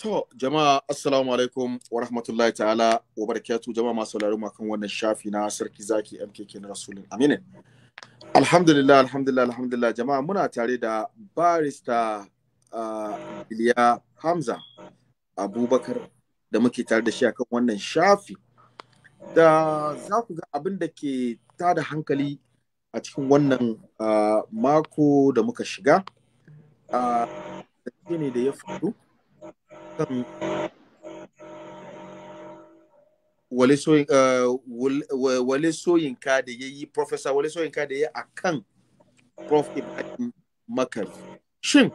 To, jama'a assalamu alaikum wa rahmatullahi ta'ala wa barakatu jama'a masu sauraro kan wannan shafi na sarki zaki MKK na Rasulun Aminin. Alhamdulillah, alhamdulillah, alhamdulillah jama'a muna tare da barista uh, Iliya Hamza Abubakar da muke tare da shi a kan wannan shafi. Da za ku ga abin da ke tada hankali a cikin wannan uh, mako da muka shiga. Uh, ah, ne da ya faru. kan wale eh, ka da ya yi professor wale ka da ya yi a kan prof ibrahim makari shin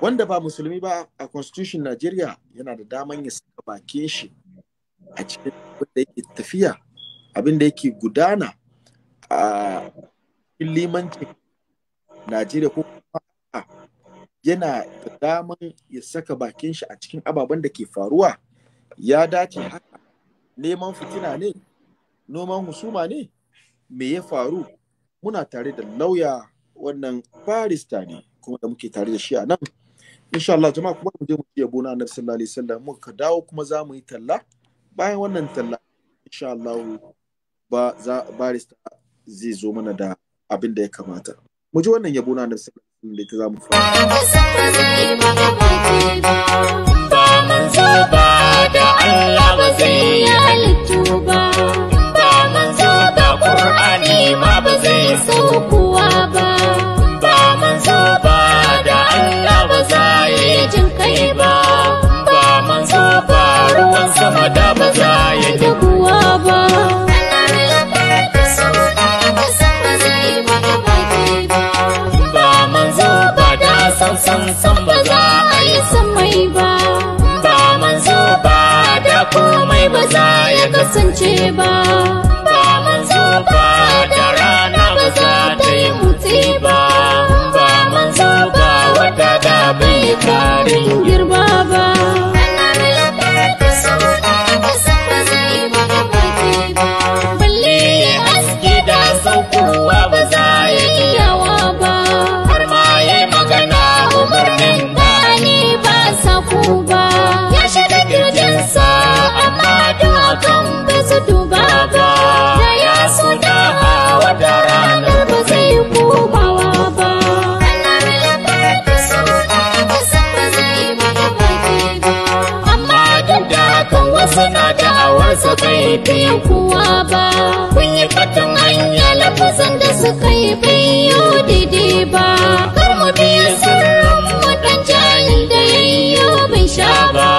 wanda ba musulmi ba a constitution Najeriya yana da daman ya saka bakin shi a cikin da yake tafiya abin da yake gudana a limancin Najeriya ko yana da daman ya saka bakin shi a cikin ababen da ke faruwa ya dace haka neman fitina ne noman husuma ne me ya faru muna tare da lauya wannan barista ne kuma da muke tare da shi a nan insha Allah jama'a kuma mu je mu je bona annabi sallallahu alaihi wasallam ka dawo kuma za mu yi talla bayan wannan talla insha Allah ba za barista zai zo mana da abin da ya kamata mu ji wannan yabo na annabi da ita Ba mu fara. da Allah ba zai yi halittu ba, ba manzo ba Kur'ani ma ba zai saukuwa ba, ba manzo ba da Allah ba za yi jin kai ba, ba manzo ba ruwan sama da ba za yi duguwa ba. sam ba za a yi samai ba ba zo ba da komai ba za ya kasance ba ba zo ba da rana ba za ta yi mutsi ba ba zo ba wata da bai yin girma ba suka yi biyu kuwa ba kun yi katon hanya lafazan da suka yi biyu didi ba kar mu biya sirrin mu dan jayin da yayyo bin sha ba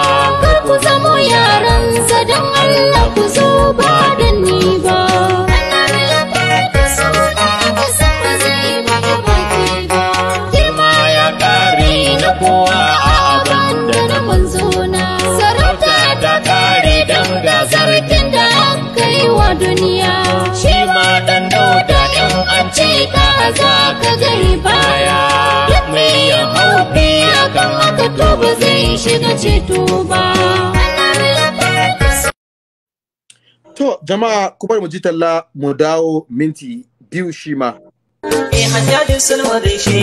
za ka gari baya mai ya haufi akan haka to ba zai shiga ceto ba to jama'a ku bari mu ji talla mu dawo minti biyu shi ma Eh hajjajin sulwa da shi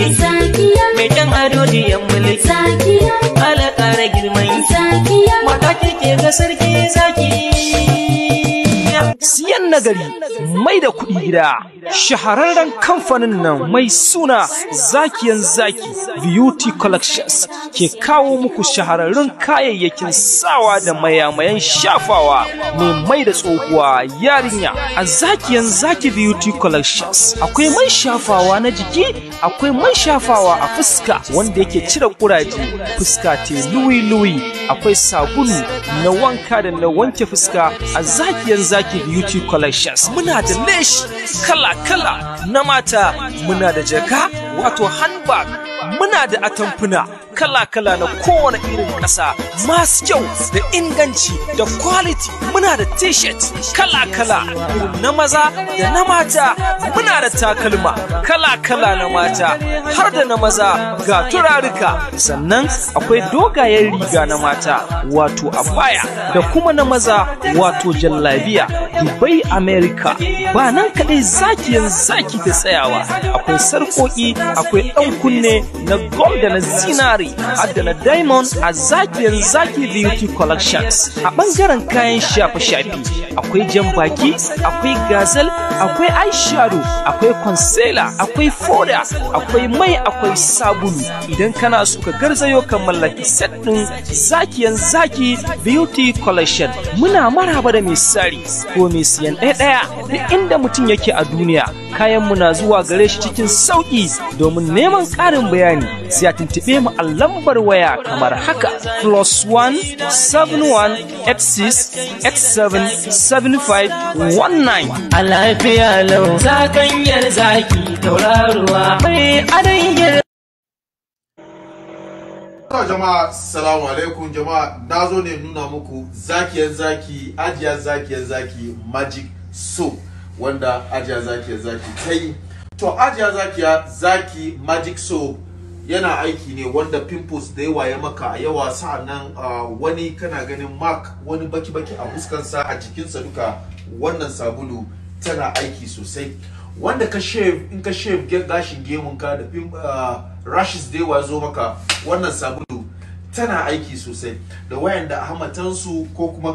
mai dan ado diyan mulki ala kara girman mata ke ga sarki zaki siya siyan gari mai da kuɗi gida shahararren kamfanin nan mai suna zakiyan zaki beauty collections ke kawo muku shahararrun kayayyakin sawa da mayamayan shafawa mai mai da tsohuwa yarinya a zakiyan zaki beauty collections akwai man shafawa na jiki akwai man shafawa a fuska wanda yake cire kuraje fuska te luwi-luwi akwai sabulu na wanka da na wanke fuska a zakiyan zaki beauty collections collections muna da lesh kala-kala na mata muna da jaka wato handbag muna da atamfuna kala-kala na kowane irin ƙasa masu kyau da inganci da kwaliti. muna da t-shirt kala-kala na maza da na mata muna da takalma kala-kala na mata har da na maza ga turarika sannan akwai dogayen riga na mata wato abaya da kuma na maza wato jallabiya dubai america ba nan kaɗai zaki yanzu zaki ta tsayawa akwai sarƙoƙi akwai ɗan kunne na gold da na zinari har da na diamond a zakiyan zaki beauty collections a bangaren kayan shafe-shafe akwai jan baki akwai gazel akwai eyeshadow akwai concealer akwai foda akwai mai akwai sabulu idan kana so ka garzayo ka mallaki set din zakiyan zaki beauty collection muna maraba da mai ko mai siyan ɗaya-ɗaya duk inda mutum yake a duniya kayan mu na zuwa gare shi cikin sauƙi domin neman ƙarin bayani bayani sai a tuntube mu a lambar waya kamar haka plus one seven one eight six eight seven seven five one nine. A lafiya lau zakanyar zaki tauraruwa mai adon Ta jama'a salamu alaikum jama'a na zo ne nuna muku zakiyar zaki ajiyar zakiyar zaki magic soap wanda ajiyar zakiyar zaki ta yi. To ajiyar zakiya zaki magic soap yana aiki ne wanda pimples da yawa ya maka a yawa sa'annan ah, wani kana ganin mark wani baki-baki a fuskansa a jikinsa duka wannan sabulu tana aiki sosai wanda ka shave in ka shave gashin gemunka da ah, rashes da yawa zo maka wannan sabulu tana aiki sosai da wayanda hamatansu ko kuma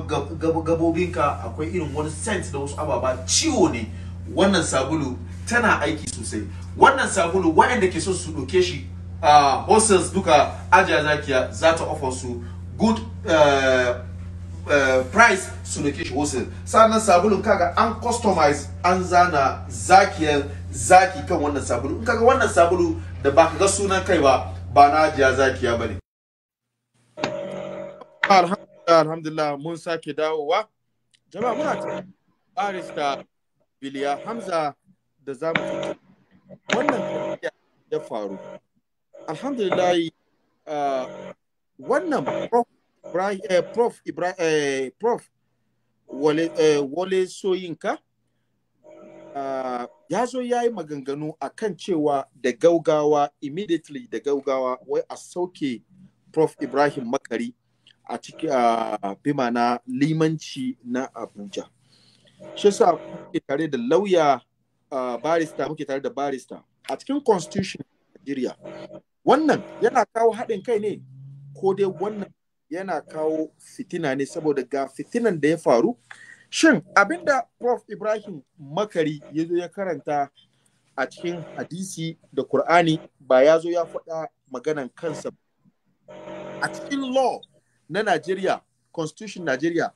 gabobinka akwai irin wani scent da wasu ababa ciwo ne wannan sabulu tana aiki sosai wannan sabulu wayanda ke so su doke shi uh, hostels duka ajiya zakiya za ta offer su good uh, uh, price su da shi hostel sannan sabulun kaga an customize an zana zakiyar zaki kan wannan sabulu in kaga wannan sabulu da ba ka ga sunan kai ba ba na ajiya zakiya ba ne alhamdulillah mun sake dawowa jama'a muna ta barista biliya hamza da zamu wannan ya faru alhamdulillah uh, wannan prof eh, prof ibrahim eh, prof wale, eh, soyinka uh, ya zo ya yi maganganu a kan cewa da gaugawa immediately da gaugawa wai a sauke prof ibrahim makari a cikin uh, bima na limanci na abuja shi sa muke tare da lauya barista muke tare da barista a cikin constitution Nigeria wannan yana kawo haɗin kai ne ko dai wannan yana kawo fitina ne saboda ga fitinan da ya faru shin abinda prof ibrahim makari ya zo ya karanta a cikin hadisi da Kur'ani ba ya zo ya faɗa maganan kansa a cikin law na Najeriya constitution Najeriya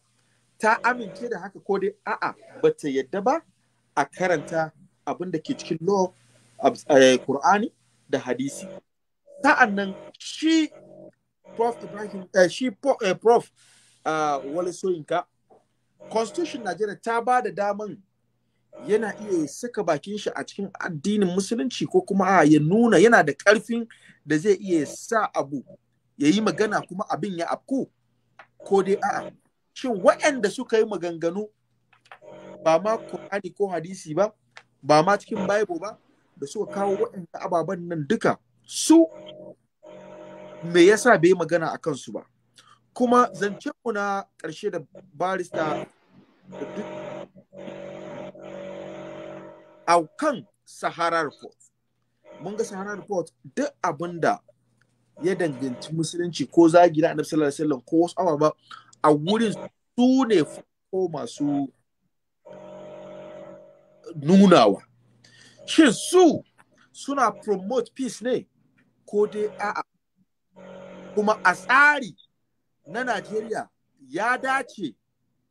ta amince da haka ko dai a'a ba ta yadda ba a karanta abin da ke cikin law eh, Kur'ani da hadisi sa'an nan shi prof ibrahim eh, shi eh, prof ah, wale soyinka constitution najeriya ta ba da daman yana iya saka bakin shi a cikin addinin musulunci ko kuma a ah, ya nuna yana da ƙarfin da zai iya sa abu ya yi magana kuma abin ya afku ko dai a'a shin waɗanda suka yi maganganu ba ma kur'ani ko hadisi ba ba ma cikin Bible ba da suka kawo waɗanda ababen nan duka su me yasa bai magana a kansu ba kuma zancenmu mu na ƙarshe da barista a kan sahara report mun ga sahara report duk abinda ya danganci musulunci ko zagi na annabi sallallahu alaihi wasallam ko wasu ba, a wurin su ne ko masu nunawa shin su suna promote peace ne ko dai a'a kuma a tsari na Najeriya ya dace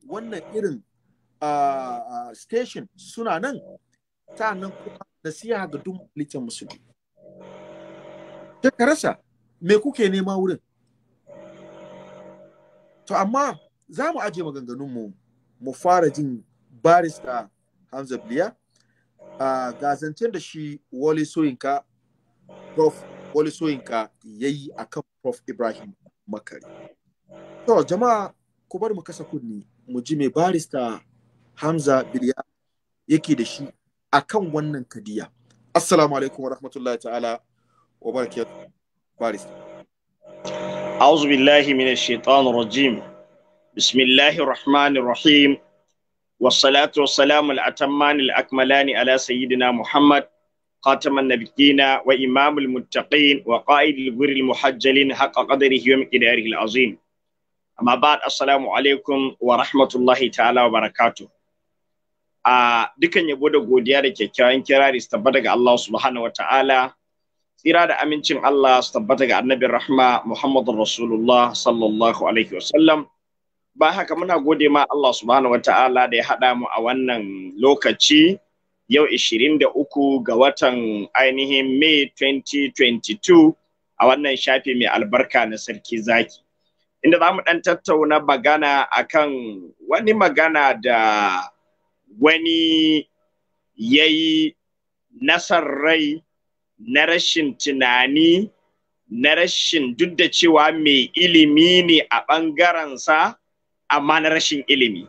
wannan irin station suna nan ta nan kuma nasiha ga duk musulmi ta rasa me kuke nema wurin to amma za mu aje maganganunmu mu fara jin barista Hamza Bliya a uh, da shi wali Soyinka Prof Wali Soyinka ya yi a kan Prof Ibrahim Makari. To, jama'a ku bar mu kasa kunni mu ji mai barista Hamza Biliya yake da shi a kan wannan kadiya. Assalamu alaikum wa rahmatullahi ta'ala wa barakatuh barista. أعوذ بالله من الشيطان الرجيم بسم الله الرحمن الرحيم والصلاة والسلام الأتمان الأكملان على سيدنا محمد خاتم النبيين وإمام المتقين وقائد الغر المحجلين حق قدره ومقداره العظيم أما بعد السلام عليكم ورحمة الله تعالى وبركاته a dukkan yabo da godiya da kyakkyawan kirari su tabbata ga Allah subhanahu wa ta'ala tsira da amincin Allah su tabbata ga annabin rahma Muhammadun Rasulullah sallallahu alaihi wa sallam. ba haka muna gode ma Allah subhanahu wa ta'ala da ya haɗa mu a wannan lokaci yau 23 ga watan ainihin May 2022 a wannan shafi mai albarka na sarki zaki. Inda za mu ɗan tattauna magana kan wani magana da wani ya yi nasar rai na rashin tunani na rashin duk da cewa mai ilimi ne a ɓangarensa amma na rashin ilimi.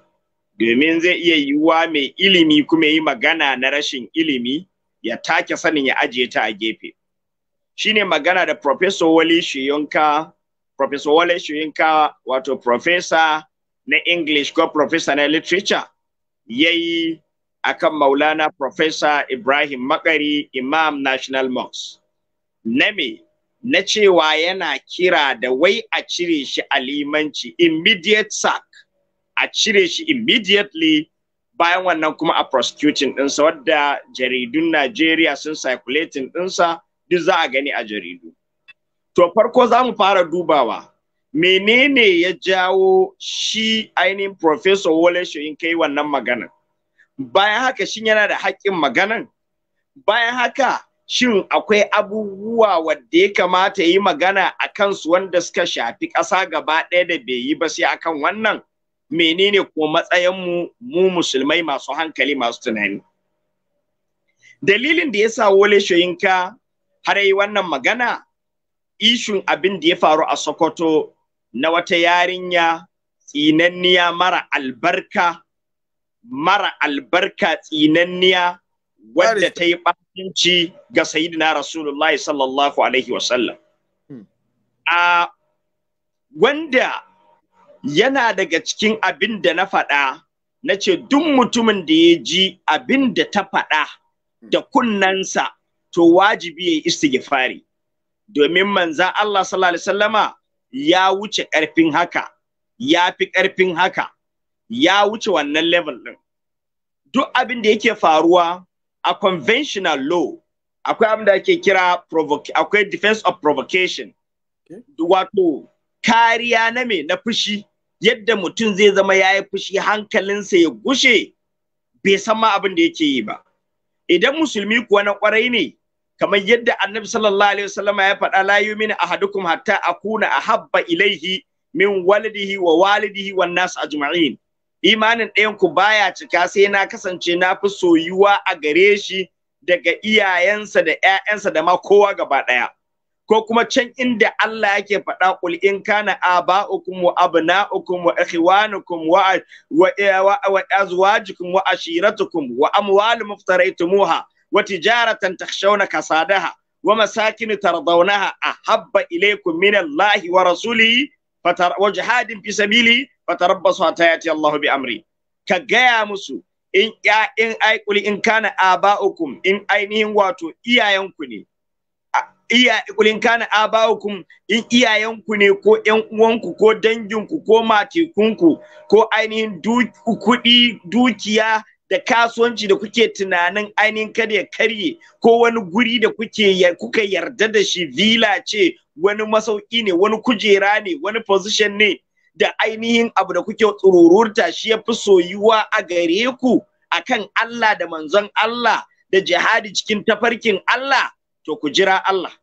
domin zai iya yiwuwa mai ilimi kuma yi magana na rashin ilimi ya take sanin ya ajiye ta a gefe Shi ne magana da professor Wale Shiyonka professor Wale Shiyonka wato professor na English ko professor na literature yayi akan Maulana professor Ibrahim Makari Imam National Mosque na na cewa yana kira da wai a cire shi a limanci immediate sack a cire shi immediately bayan wannan kuma a prosecuting ɗinsa wadda jaridun Najeriya sun circulating ɗinsa duk za a gani a jaridu. To farko za mu fara dubawa menene ya jawo shi ainihin Professor Wole Shoyin kai wannan maganan. Bayan haka shin yana da haƙƙin maganan? Bayan haka shin akwai abubuwa wadda ya kamata yi magana a kansu wanda suka shafi ƙasa gaba ɗaya da bai yi ba sai akan wannan? menene ko matsayinmu mu musulmai masu hankali masu tunani dalilin da ya sa wole shoyinka har yi wannan magana ishun abin da ya faru a sokoto na wata yarinya tsinanniya mara albarka mara albarka tsinanniya wadda ta yi ɓatanci ga sayidina Rasulullahi sallallahu alaihi wasallam hmm. a wanda yana daga cikin abin da na faɗa na ce duk mutumin da ya ji abin da ta faɗa da kunnansa to wajibi ya yi istighfari domin manza Allah sallallahu ya wuce ƙarfin haka ya fi ƙarfin haka ya wuce wannan level ɗin duk abin da yake faruwa a conventional law akwai abin da ake kira akwai defense of provocation wato kariya na me na fushi yadda mutum zai zama ya yi fushi hankalinsa ya gushe bai san ma abin da yake yi ba idan musulmi kuwa na kwarai ne kamar yadda annabi sallallahu alaihi wasallam ya faɗa la yu'minu ahadukum hatta akuna ahabba ilaihi min walidihi wa walidihi wan nas ajma'in imanin ɗayan ku baya cika sai na kasance na fi soyuwa a gare shi daga iyayensa da ƴaƴansa da ma kowa gaba ɗaya ko kuma can inda Allah yake faɗa qul in kana aba'ukum wa abna'ukum wa ikhwanukum wa wa azwajukum wa ashiratukum wa amwal muftaraytumuha wa tijaratan takhshawna kasadaha wa masakin tardawnaha ahabba ilaykum min Allah wa rasulihi wa jihadin fi sabili fatarabbasu hatta yati Allah bi amri ka gaya musu in ya in ai in kana aba'ukum in ainihin wato iyayenku ne iya kulin kana abawukum in iyayenku ne ko ƴan uwanku ko danginku ko matekunku ko ainihin kuɗi dukiya da kasuwanci da kuke tunanin ainihin kada ya karye ko wani guri da kuke kuka yarda da shi vila ce wani masauki ne wani kujera ne wani position ne da ainihin abu da kuke tsururta shi ya fi soyuwa a gare ku akan Allah da manzon Allah da jihadi cikin tafarkin Allah to ku jira Allah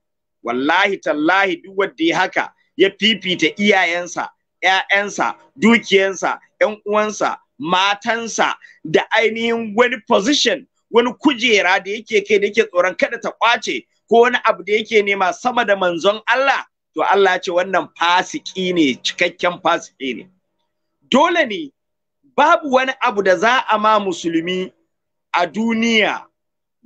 wallahi tallahi duk wanda ya haka ya fifita iyayensa ‘ya'yansa, dukiyansa, ‘yan uwansa, matansa da ainihin wani position, wani kujera da yake kai da yake tsoron kada ta kwace ko wani abu da yake nema sama da manzon Allah, to Allah ce wannan fasiki ne, cikakken fasiki ne. Dole ne babu wani abu da za a ma musulmi a duniya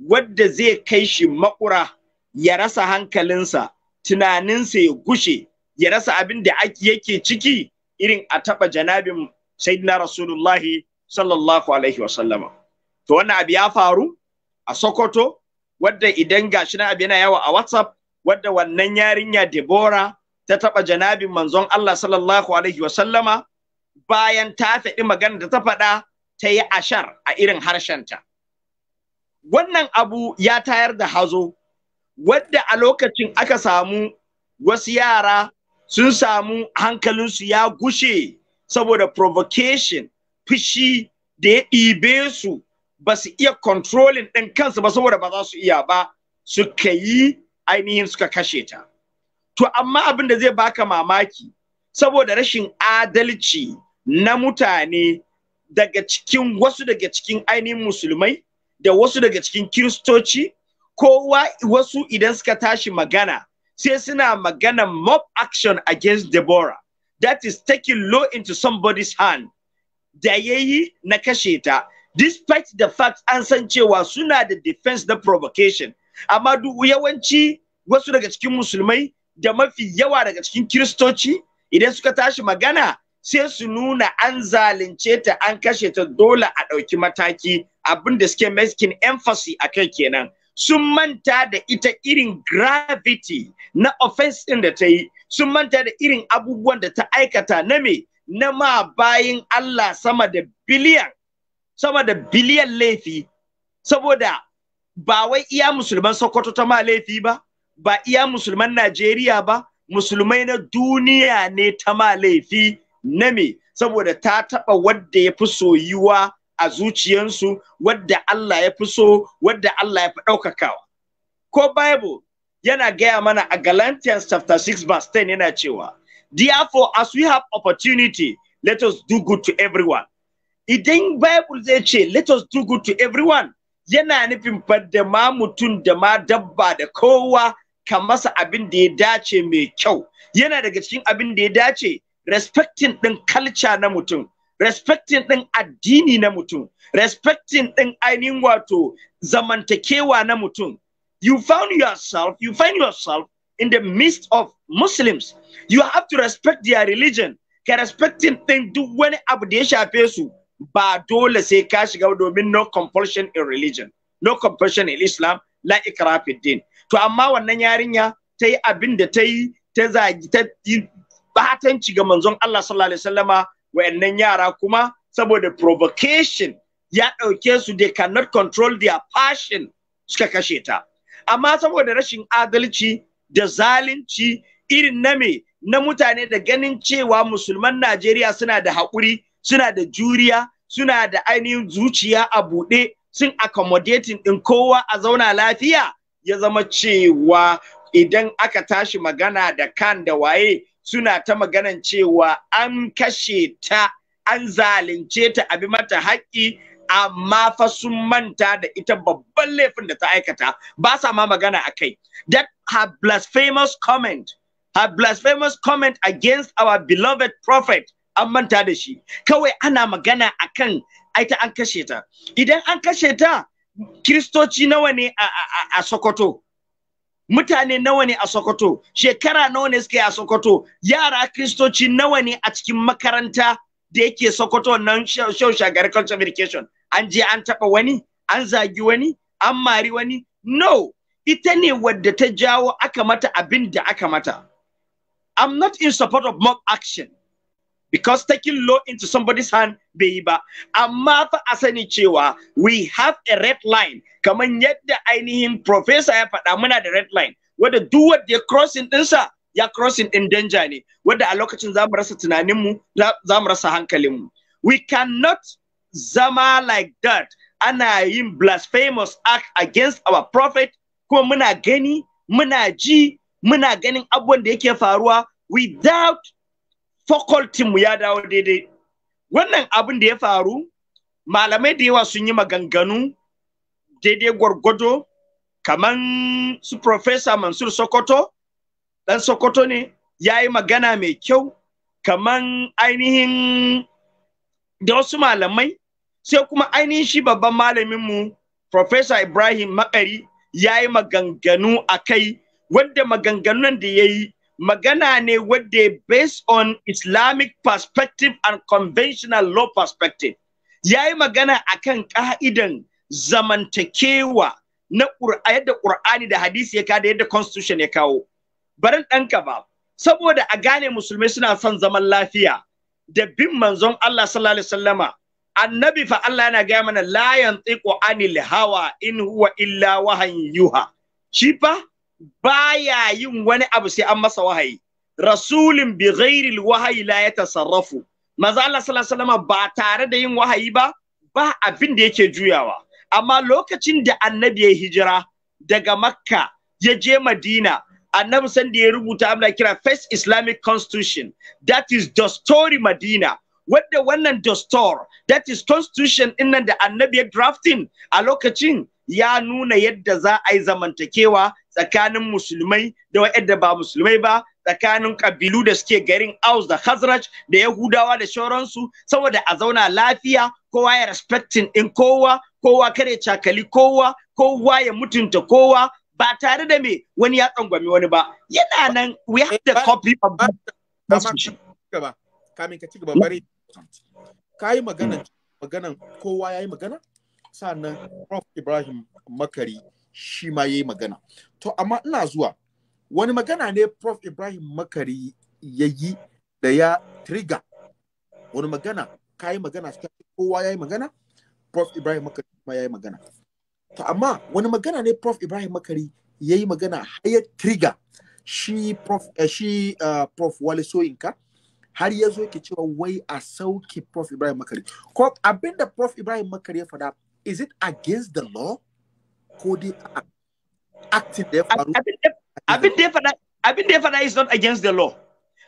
wadda zai kai shi makura ya rasa hankalinsa tunaninsa ya gushe ya rasa abin da yake ciki irin a taɓa janabin sayyidina Rasulullah sallallahu alaihi wasallama to wannan abu ya faru a sokoto wadda idan gashi na abu yana yawa a whatsapp wadda wannan yarinya debora ta taɓa janabin manzon allah sallallahu alaihi wasallama bayan ta faɗi magana da ta faɗa ta yi ashar a irin harshenta wannan abu ya tayar da hazo wadda a lokacin aka samu wasu yara sun samu hankalinsu ya gushe saboda provocation fushi da ya ɗibe su ba su iya controlling ɗin kansu ba saboda ba za su iya ba suka yi ainihin suka kashe ta to amma abin da zai baka mamaki saboda rashin adalci na mutane daga cikin wasu daga cikin ainihin musulmai da wasu daga cikin kiristoci kowa wasu idan suka tashi magana sai suna magana mob action against Deborah that is taking law into somebody's hand da ya yi na kashe ta despite the fact an san cewa suna da defense na provocation amma duk yawanci wasu daga cikin musulmai da mafi yawa daga cikin kiristoci idan suka tashi magana sai su nuna an zalunce ta an kashe ta dole a ɗauki mataki abin da suke making emphasis a kai kenan sun manta da ita irin gravity na offense ɗin da ta yi sun manta da irin abubuwan da ta aikata na me na ma bayin Allah sama da biliyan sama da biliyan laifi saboda ba wai iya musulman Sokoto ta ma laifi ba ba iya musulman Najeriya ba musulmai na duniya ne ta ma laifi na me saboda ta taɓa wadda ya fi soyuwa a zuciyansu wadda Allah ya fi so wadda Allah ya fi ɗaukakawa ko bible yana gaya mana a Galatians chapter 6 verse 10 yana cewa therefore as we have opportunity let us do good to everyone idan bible zai ce let us do good to everyone yana nufin fadda ma mutum da ma dabba da kowa ka masa abin da ya dace mai kyau yana daga cikin abin da ya dace respecting ɗin culture na mutum respecting ɗin addini na mutum respecting ɗin ainihin wato zamantakewa na mutum you found yourself you find yourself in the midst of muslims you have to respect their religion ka respecting ɗin duk wani abu da ya shafe su ba dole sai ka shiga domin no compulsion in religion no compulsion in islam la din to amma wannan yarinya ta yi abin da ta yi ta zagi ta yi batanci ga manzon Allah sallallahu alaihi wasallama wayannan yara kuma saboda provocation ya ɗauke su they cannot control their passion suka kashe ta amma saboda rashin adalci da zalunci irin na me na mutane da ganin cewa musulman Najeriya suna da haƙuri suna da juriya suna da ainihin zuciya a buɗe sun accommodating ɗin kowa a zauna lafiya ya zama cewa idan aka tashi magana da kan da waye suna ta maganan cewa an kashe ta an zalunce ta abi mata haƙƙi amma fa sun manta da ita babban laifin da ta aikata ba sa ma magana a kai that her blasphemous comment her blasphemous comment against our beloved prophet an manta da shi kawai ana magana a kan ita an kashe ta idan an kashe ta kiristoci nawa ne a sokoto mutane nawa ne a Sokoto shekara nawa ne suke a Sokoto yara kristoci nawa ne a cikin makaranta da yake Sokoto nan shau shagar communication an je an taɓa wani an zagi wani an mari wani no ita ne wadda ta jawo aka mata abin da aka mata I'm not in support of mob action because taking law into somebody's hand bai yi ba amma fa a sani cewa we have a red line kamar yadda ainihin professor ya faɗa muna da red line wanda duk wanda ya crossing ɗinsa ya crossing ɗin danger ne wanda a lokacin za mu rasa tunaninmu za mu rasa hankalinmu we cannot zama like that ana yin blasphemous act against our prophet kuma muna gani muna ji muna ganin abubuwan da yake faruwa without focal mu ya dawo daidai wannan abin da ya faru malamai da yawa sun yi maganganu daidai gwargwado kaman su professor mansur sokoto dan sokoto ne ya yi magana mai kyau kaman ainihin da wasu malamai sai kuma ainihin shi babban malaminmu professor ibrahim makari ya yi maganganu a kai wanda maganganun da ya yi magana ne wadda based on Islamic perspective and conventional law perspective. Ya yi magana akan ƙa'idan zamantakewa na yadda Ƙur'ani da hadisi ya kada yadda constitution ya kawo. Barin ɗanka ba, saboda a gane musulmai suna son zaman lafiya da bin manzon Allah sallallahu annabi fa Allah yana gaya mana la yantiqu anil hawa in huwa illa wahan yuha shi baya yin wani abu sai an masa wahayi rasulin bi ghairil wahayi la yatasarrafu Maza Allah sallallahu alaihi wasallam ba tare da yin wahayi ba ba abin da yake juyawa amma lokacin da annabi ya hijira daga makka ya je madina annabi san da ya rubuta abin kira first islamic constitution that is story madina wadda wannan dastor that is constitution din da annabi ya drafting a lokacin ya nuna yadda za a yi zamantakewa tsakanin musulmai da wa'yanda ba musulmai ba tsakanin kabilu da suke garin aus da khazraj da yahudawa da shauransu saboda a zauna lafiya kowa ya respectin din kowa kowa kare cakali kowa kowa ya mutunta kowa ba tare da me wani ya tsangwami wani ba yana nan we have the copy of gaba kamin ka ci gaba bari kai magana magana kowa yayi magana sannan prof ibrahim makari shi ma yayi magana to amma ina zuwa wani magana ne prof ibrahim makari ya yi da ya triga wani magana ka yi magana kowa ya yi magana prof ibrahim makari ma ya yi magana to amma wani magana ne prof ibrahim makari ya yi magana har ya triga shi prof, uh, shi, uh, prof wale soyinka har ya zo yake cewa wai a sauke prof ibrahim makari ko abinda prof ibrahim makari ya faɗa is it against the law ko dai acting da ya faru abin da ya faɗa abin da ya faɗa is not against the law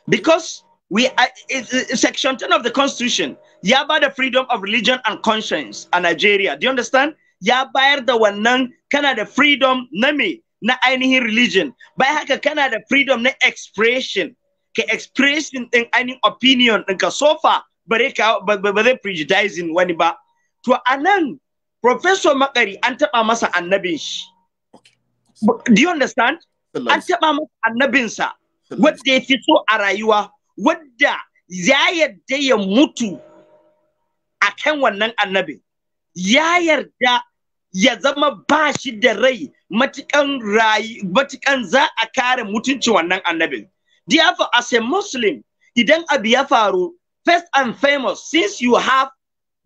because we are, it, section 10 of the constitution yaba the freedom of religion and conscience a Nigeria do you understand ya bayar da wannan kana da freedom na me na ainihin religion by haka kana da freedom na expression ka expression din ainihin opinion nka so far bare ka ba zai prejudicing wani ba to anan Professor Makari an taɓa masa annabin shi. Do you understand? An taɓa masa annabinsa wadda ya fito so a rayuwa wadda ya yarda ya mutu a kan wannan annabin. Ya yarda ya zama ba shi da rai matukan matukan za a kare mutunci wannan annabin. Therefore, as a Muslim, idan abu ya faru, first and famous, since you have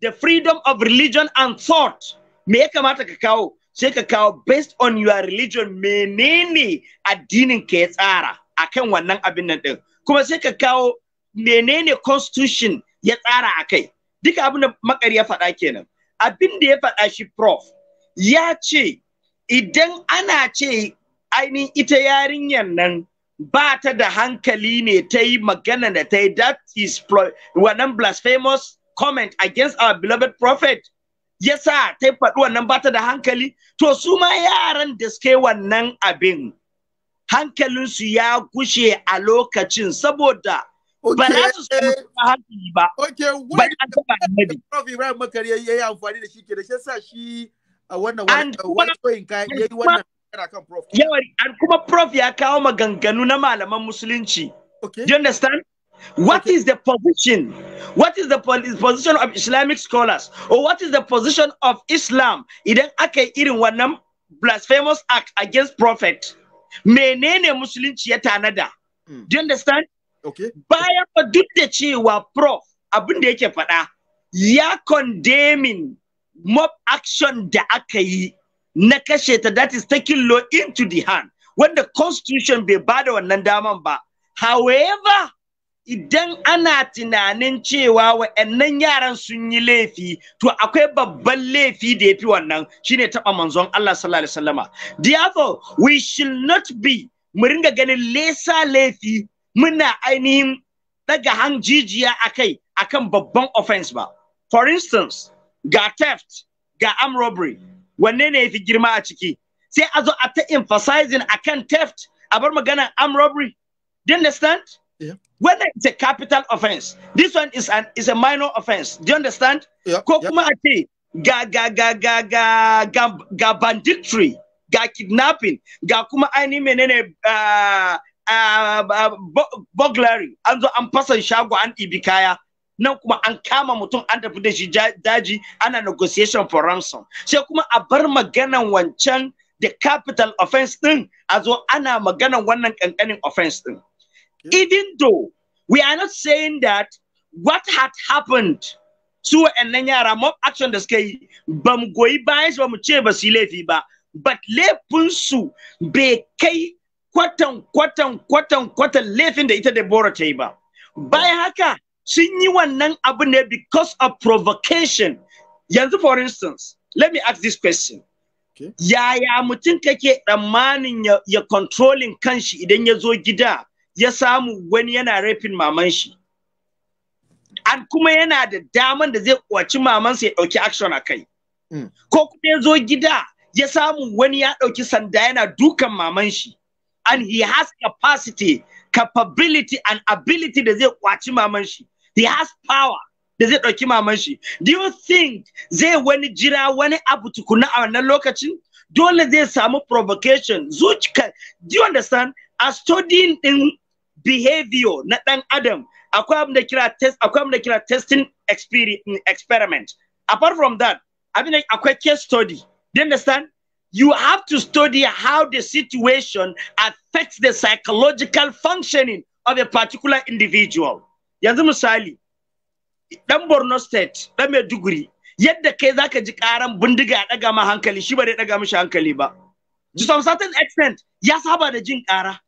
the freedom of religion and thought me ya kamata ka kawo sai ka kawo based on your religion menene addinin ka ya tsara akan wannan abin nan din kuma sai ka kawo menene constitution ya tsara akai duka abin da makar ya faɗa kenan abin da ya faɗa shi prof ya ce idan ana ce ainihin ita yarinyar nan ba ta da hankali ne ta yi magana da ta yi that is wannan blasphemous comment against our beloved prophet yasa ta faɗi wannan bata da hankali to su ma yaran da suke wannan abin hankalinsu ya gushe a lokacin saboda ba za su eh, hankali ba. okay wani Makar ya yi amfani da shi ke da shi sa shi a wannan wani uh, ya yi wannan Yawari, an kuma Prof ya kawo maganganu na malaman musulunci. Okay. you understand? What is the position? What is the position of Islamic scholars? Or what is the position of Islam? Idan aka irin wannan blasphemous act against prophet. Menene hmm. Do you understand? Okay. Bayan fa duk da cewa prof abin da yake faɗa ya condemning mob action da aka na kashe ta that is taking law into the hand when the constitution be bada wannan daman ba. However, idan ana tunanin cewa wa'annan yaran sun yi laifi to akwai babban laifi da ya fi wannan shine taba manzon Allah sallallahu alaihi wasallama therefore we should not be mu ringa ganin lesa laifi muna ainihin daga hanjijiya akai akan babban offense ba for instance ga theft ga arm robbery wanne ne yafi girma a ciki sai a zo a ta emphasizing akan theft a bar magana arm robbery do you understand Yeah. Whether it's a capital offense, this one is an is a minor offense. Do you understand? Yeah. Ko kuma ga ga ga ga kidnapping, ga kuma ainihin menene uh, uh, uh burglary, an zo an fasan shago an ibi kaya. nan kuma an kama mutum an tafi da shi daji ana negotiation for ransom sai kuma a bar maganan wancan the capital offense din a zo ana maganan wannan kankanin offense din even though we are not saying that what had happened to wa'annan yara mob action da suka yi ba mu goyi bayan su ba mu ce ba su yi laifi ba but laifinsu bai kai kwatan kwatan kwatan kwatan laifin da ita Deborah ta yi ba bayan haka sun yi wannan abu ne because of provocation yanzu for instance let me ask this question yaya mutum kake tsammanin ya controlling kanshi idan ya zo gida ya samu wani yana rafin maman shi an kuma yana da daman da zai kwaci mamansa ya ɗauki action a kai mm. ko kuma ya zo gida ya samu wani ya ɗauki sanda yana dukan maman shi and he has capacity capability and ability da zai kwaci maman shi he has power da zai ɗauki maman shi do you think zai wani jira wani abu tukuna a wannan lokacin dole zai samu provocation zuciya do you understand a studying din behavior na ɗan adam akwai abin da kira test akwai abin da kira testing mm, experiment apart from that abin da akwai case study do you understand you have to study how the situation affects the psychological functioning of a particular individual yanzu misali dan Borno state dan Maiduguri yadda kai zaka ji karan bindiga daga ma hankali shi ba dai daga mishi hankali ba to some certain extent ya saba da jin kara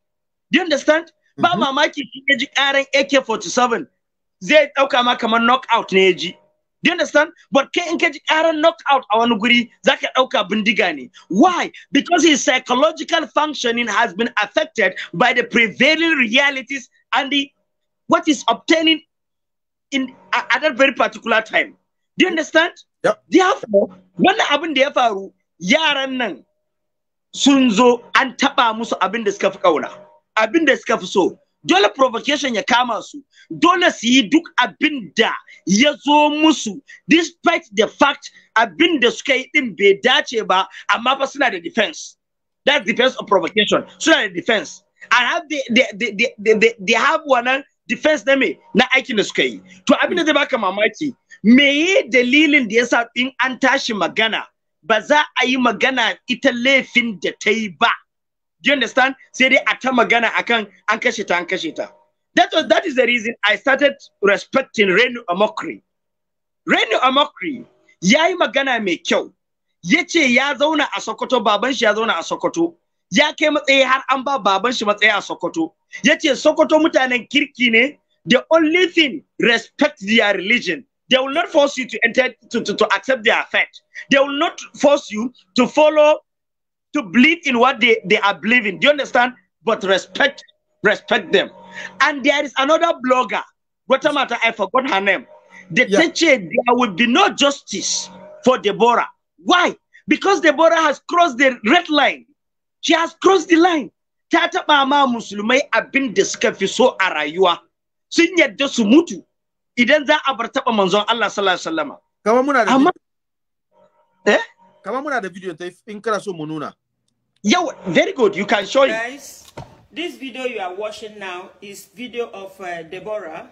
do you understand ba mm-hmm. mamaki shi ya ji karan AK47 zai dauka ma kamar knockout ne ya ji do you understand but kai in ka ji karan knockout a wani guri zaka dauka bindiga ne why because his psychological functioning has been affected by the prevailing realities and the what is obtaining in uh, at a very particular time do you understand yep. therefore wannan abin da ya faru yaran nan sun zo an taba musu abin da suka fi kauna abinda da suka fi so dole provocation ya kama su dole su yi duk abinda ya zo musu despite the fact abinda suka yi din bai dace ba amma fa suna da defense that defense of provocation suna da defense and have they, they, they, they, they, have one defense na me na aikin da suka yi to abinda zai baka mamaki meye dalilin da yasa in an tashi magana ba za a yi magana ita laifin da ta yi ba Do you understand? Say dai a magana akan an kashe That was that is the reason I started respecting Renu Amokri. Renu Amokri yai magana mai kyau. Yace ya zauna a Sokoto shi ya zauna a Sokoto. Ya kai matsayi har an ba baban shi matsayi a Sokoto. Yace Sokoto mutanen kirki ne the only thing respect their religion they will not force you to enter to, to, to accept their faith they will not force you to follow to believe in what they, they are believing. Do you understand? But respect, respect them. And there is another blogger, what matter, I forgot her name. They yeah. teach there will be no justice for Deborah. Why? Because Deborah has crossed the red line. She has crossed the line. Tata mama ma musulmai abin da suka fi so a rayuwa. Sun yadda su mutu idan za a bar taɓa manzon Allah sallallahu alaihi Wasallam. Kamar muna da Eh? video Yo, very good. You can show it. Guys, this video you are watching now is video of uh, Deborah.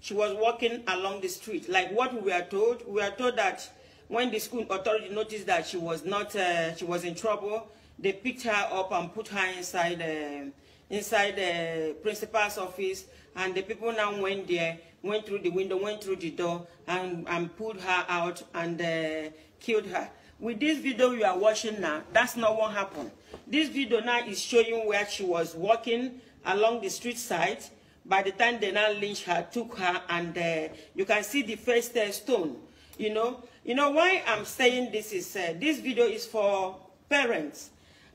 She was walking along the street. Like what we are told, we are told that when the school authority noticed that she was not, uh, she was in trouble, they picked her up and put her inside, uh, inside the uh, principal's office. And the people now went there, went through the window, went through the door, and, and pulled her out and uh, killed her. With this video you are watching now, that's not what happened. This video now is showing where she was walking along the street side. By the time they now lynched her, took her, and uh, you can see the first uh, stone. You know, you know why I'm saying this is uh, this video is for parents.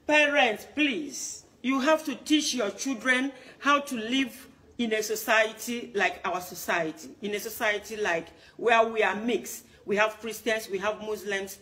Parents, please, you have to teach your children how to live in a society like our society, in a society like where we are mixed. We have Christians, we have Muslims,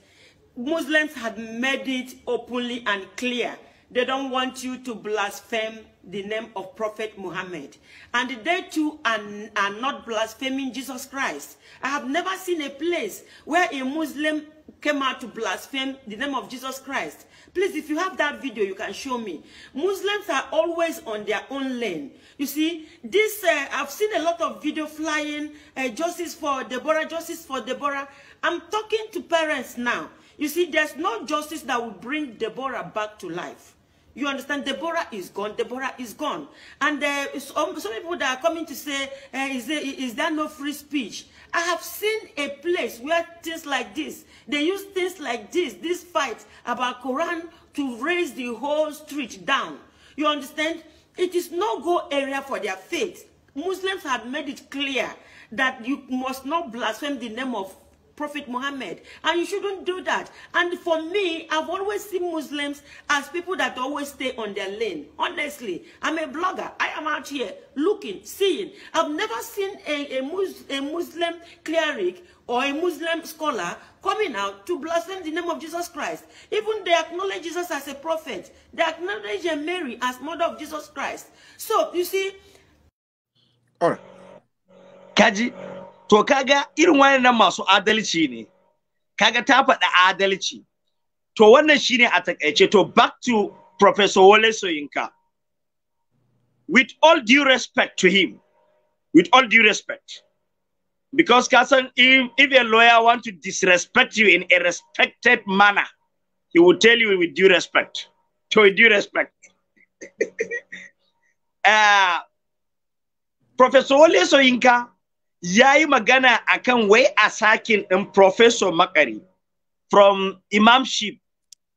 Muslims have made it openly and clear. They don't want you to blaspheme the name of Prophet Muhammad. And they too are, are not blaspheming Jesus Christ. I have never seen a place where a Muslim came out to blaspheme the name of Jesus Christ. Please, if you have that video, you can show me. Muslims are always on their own lane. You see, this, uh, I've seen a lot of video flying, uh, justice for Deborah, justice for Deborah. I'm talking to parents now. You see, there's no justice that will bring Deborah back to life. You understand? Deborah is gone. Deborah is gone. And uh, some, um, some, people that are coming to say, uh, is, there, is there no free speech? I have seen a place where things like this, they use things like this, this fight about Quran to raise the whole street down. You understand? It is no go area for their faith. Muslims have made it clear that you must not blaspheme the name of Prophet Muhammad. And you shouldn't do that. And for me, I've always seen Muslims as people that always stay on their lane. Honestly, I'm a blogger. I am out here looking, seeing. I've never seen a, a, Mus a Muslim cleric or a Muslim scholar coming out to blaspheme the name of Jesus Christ. Even they acknowledge Jesus as a prophet. They acknowledge Mary as mother of Jesus Christ. So, you see... All right. Kaji, to kaga irin wayannan masu adalci ne kaga ta na adalci to wannan shine a takaice to back to professor Wole Soyinka with all due respect to him with all due respect because cousin, if, if a lawyer want to disrespect you in a respected manner he will tell you with due respect to with due respect uh, professor Wole Soyinka ya magana akan wai a sakin Professor Makari from imamship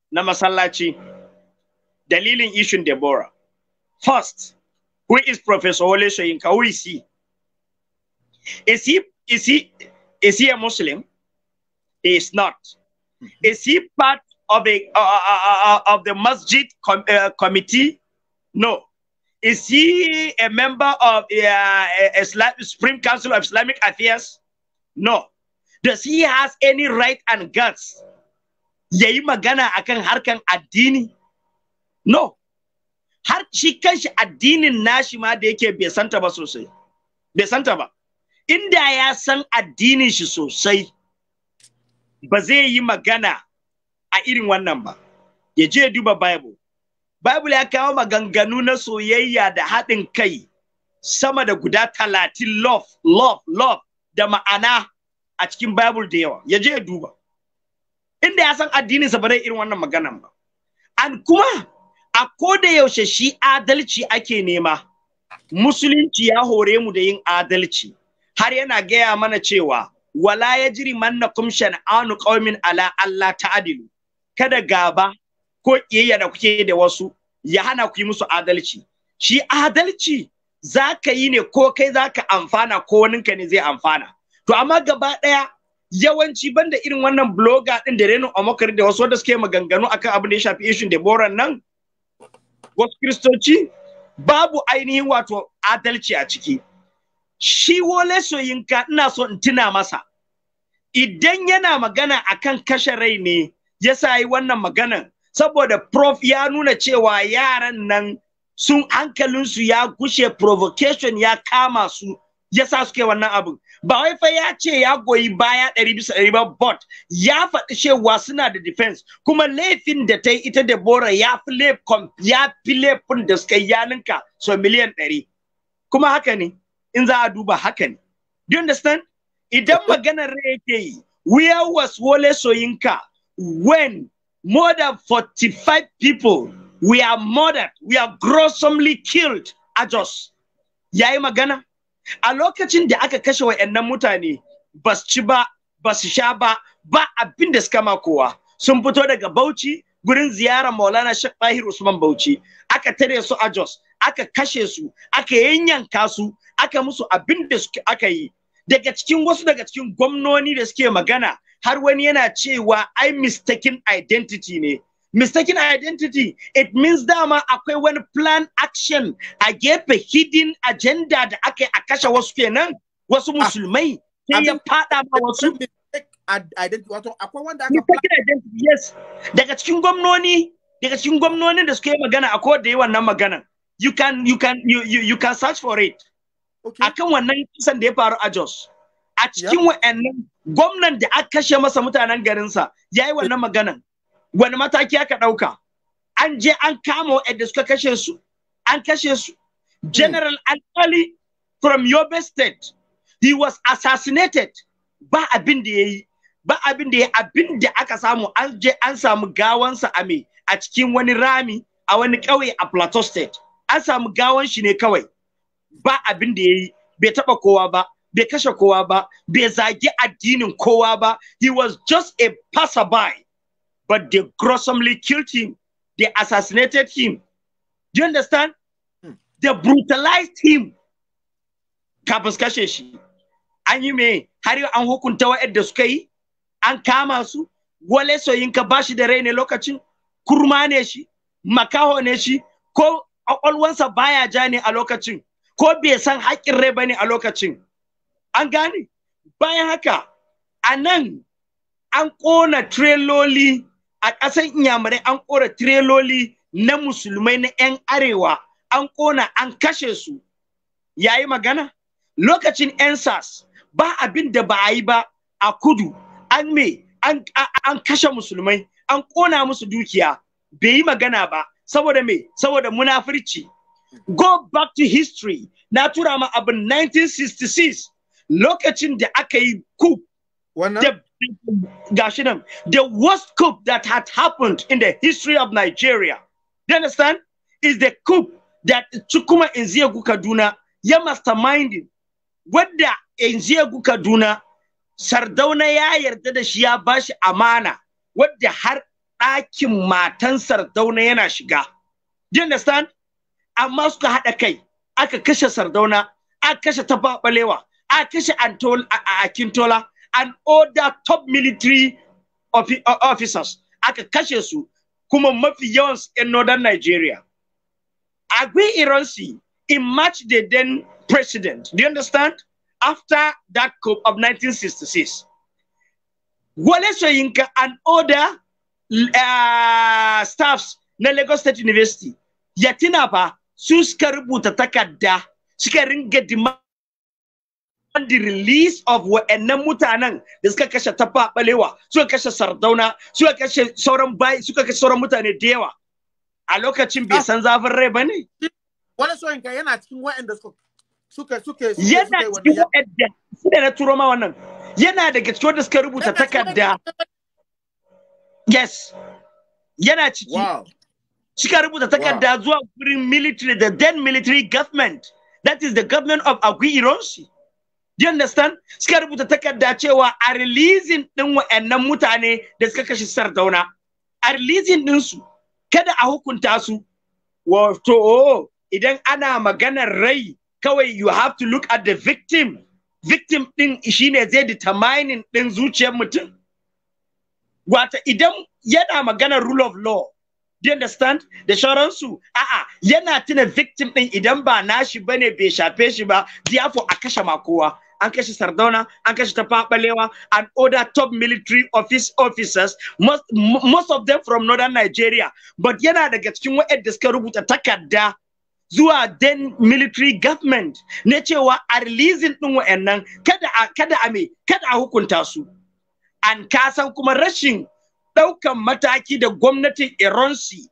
na masallaci dalilin ishin Deborah. First, who is Professor Ole Soyinka? Who is he? Is he, is he, is he a Muslim? He is not. Is he part of, a, uh, uh, uh, uh of the masjid com uh, committee? No. Is he a member of uh, Islam, Supreme Council of Islamic Affairs? No. Does he has any right and guts? Yayi magana akan harkan addini? No. Har shi kanshi addinin nashi ma da yake bai santa ba sosai. Bai santa ba. Inda ya san addinin shi sosai, ba zai yi magana a irin wannan ba. Ya je duba Bible. Bible ya kawo maganganu na soyayya da haɗin kai sama da guda talatin love, love, love da ma'ana a cikin Bible da yawa. Ya je ya duba. Inda ya san addininsa ba zai irin wannan maganan ba. An kuma a ko da yaushe shi adalci ake nema. Musulunci ya hore mu da yin adalci. Har yana gaya mana cewa wala ya jiri manna kumshan anu qaumin ala Allah ta adilu Kada gaba ko ƙiyayya da kuke da wasu ya hana ku yi musu adalci shi adalci za ka yi ne ko kai za ka amfana ko waninka ne zai amfana to amma gaba ɗaya yawanci banda irin wannan bloga ɗin da Renu Omokari da wasu wanda suke maganganu akan abin da ya shafi ishin da boran nan wasu kiristoci, babu ainihin wato adalci a ciki shi wole soyinka ina so in tuna masa idan yana magana akan kashe rai ne ya sa yi wannan maganan saboda prof ya nuna cewa yaran nan sun hankalinsu ya gushe provocation ya kama su ya sa suke wannan abin ba wai fa ya ce ya goyi baya ɗari bisa ɗari ba but ya faɗi cewa suna da defense kuma laifin da ta yi ita da bora ya fi laifin da suka ya ninka so miliyan ɗari kuma haka ne in za a duba haka ne do you understand idan maganar rai yake yi where was wole soyinka when more than 45 people we are murdered we are grossly killed a jos ya magana a lokacin da aka kashe wayannan mutane ba su ci ba ba su sha ba ba abin da suka kowa sun fito daga bauchi gurin ziyara maulana shek bahir usman bauchi aka tare su a jos aka kashe su aka yanyanka su aka musu abin da aka yi daga cikin wasu daga cikin gwamnoni da suke magana har wani yana cewa ai mistaken identity ne mistaken identity it means dama akwai wani plan action a gefe hidden agenda da aka yi a kashe wasu kenan wasu musulmai sai ya fada ma wasu mistaken identity yes daga cikin gwamnoni daga cikin gwamnonin da suke magana akwai da yi wannan magana. you can you can you, you, you can search for it akan wannan kisan da ya faru a Jos. A cikin wa'annan gwamnan da aka kashe masa mutanen garinsa ya yi wannan maganan. Wani mataki aka ɗauka? An je an kama wa'anda suka kashe su. An kashe su. Hmm. General Alkali from Yobe State, he was assassinated. Ba abin da ya yi. Ba abin da ya abin da aka samu an je an samu gawansa a me a cikin wani rami a wani ƙauye a Plateau State. An samu gawan shi ne kawai. ba abin da yayi bai taba kowa ba bai kashe kowa ba bai zagi addinin kowa ba he was just a passerby but they gruesomely killed him they assassinated him do you understand hmm. they brutalized him kafin su kashe shi an yi mai har an hukunta wa'yanda suka yi an kama su wale soyinka ba shi da rai ne lokacin kurma ne shi makaho ne shi ko ƙwaƙwalwansa baya ja ne a lokacin ko bai san haƙƙin rai ba ne a lokacin an gane bayan haka a nan an ƙona tireloli a ƙasan inyamurai an ƙona tireloli na musulmai na 'yan arewa an ƙona an kashe su yayi magana lokacin 'yan sas ba abin da ba a yi ba a kudu an me an kashe musulmai an ƙona musu dukiya bai yi magana ba saboda me saboda munafurci go back to history na tura ma 1966 lokacin da aka yi coup the, gashi the worst coup that had happened in the history of Nigeria do you understand is the coup that Chukuma Nzegu Kaduna ya masterminding wadda Nzegu Kaduna Sardauna ya yarda da shi ya bashi amana wadda har ɗakin matan Sardauna yana shiga do you understand amma suka catch kai aka kashe sardauna aka kashe tafaɓalewa aka kashe akintola and other top military officers aka kashe su kuma mafi yawan in northern nigeria agui ironsi in march the then president do you understand after that coup of 1966 wale soyinka and other uh, staffs na lagos state university yatina ba su suka rubuta takarda suka ringa demand the release of wa'annan mutanen da suka kashe tafa balewa suka kashe sardauna suka kashe sauran bayi suka kashe sauran mutane da yawa a lokacin bai ah. san zafin rai ba ne wani ka yana cikin wa'anda suka suke yana cikin wa'anda da na turo ma wannan yana daga cikin wanda suka rubuta takarda yes yana ciki Suka rubuta takarda zuwa gurin military, the then military government. That is the government of Agui Ironsi. Do you understand? Suka rubuta takarda cewa a releasing ɗin wa'annan mutane da suka kashe sardauna. A releasing ɗinsu, kada a hukunta su. Wato, oh, idan ana maganar rai, kawai you have to look at the victim. Victim ɗin shine zai determining ɗin zuciyar mutum. Wata idan yana maganar rule of law, do you understand da shauransu a'a yana tuna victim din idan ba nashi bane bai shafe shi ba therefore a kashe makowa an kashe sardauna an kashe tafabalewa an other top military office officers most, most of them from northern nigeria but yana daga cikin waɗanda suka rubuta takarda zuwa then military government na cewa a releasing ɗin waɗannan kada a kada a kada a hukunta su an kasan kuma rashin ɗaukan mataki da gwamnatin Iransi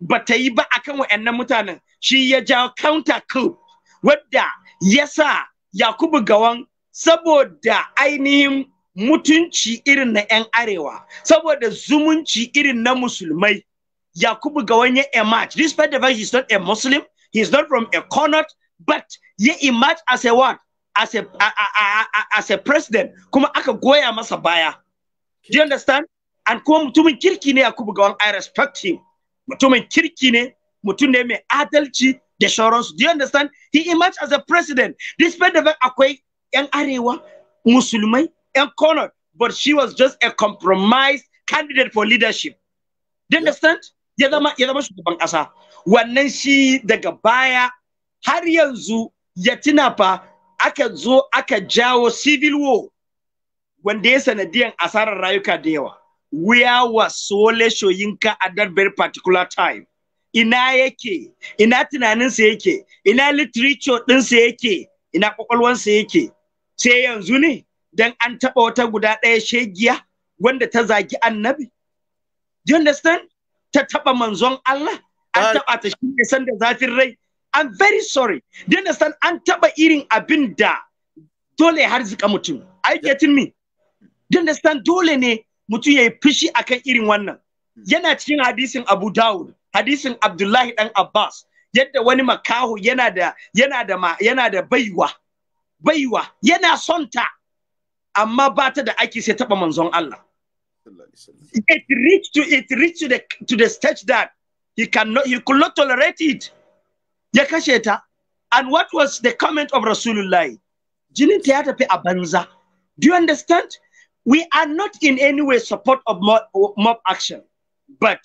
ba ta yi ba akan wa'annan mutanen shi ya ja counter coup wadda ya sa Yakubu Gawan saboda ainihin mutunci irin na 'yan arewa saboda zumunci irin na musulmai Yakubu Gawan ya emerge despite the fact he's not a Muslim he's not from a corner, but ya emerge as a what as a, a, a, a, as a president kuma aka goya masa baya do you understand an kuma mutumin kirki ne Yakubu Gawan I respect him mutumin kirki ne mutum ne mai adalci da sauransu do you understand he emerged as a president despite the fact akwai yan arewa musulmai yan corner but she was just a compromised candidate for leadership do you understand ya zama ya zama shugaban kasa wannan shi daga baya har yanzu ya tuna fa aka zo aka jawo civil war wanda ya sanadiyan asarar rayuka da yawa where was Sole Shoyinka at that very particular time? Ina yake, ina tunaninsa yake, ina literature ɗinsa yake, ina ƙwaƙwalwansa yake. Sai yanzu ne, don an taɓa wata guda ɗaya shegiya wanda ta zagi annabi. Do you understand? Ta taɓa manzon Allah, an taɓa ta shi ne sanda zafin rai. I'm very sorry. Do you understand? An taɓa irin abin da dole ya harzika mutum. Are you getting me? Do you understand? Dole ne mutum ya yi fushi kan irin wannan hmm. yana cikin hadisin Abu Dawud hadisin Abdullahi Ɗan Abbas yadda wani makaho yana da yana baiwa baiwa yana son ta amma ba ta da aiki sai taba manzon Allah it reached to it reached to the to the stage that he cannot he could not tolerate it ya kashe ta and what was the comment of Rasulullah jinin ta ya tafi a banza do you understand We are not in any way support of mob, mob action, but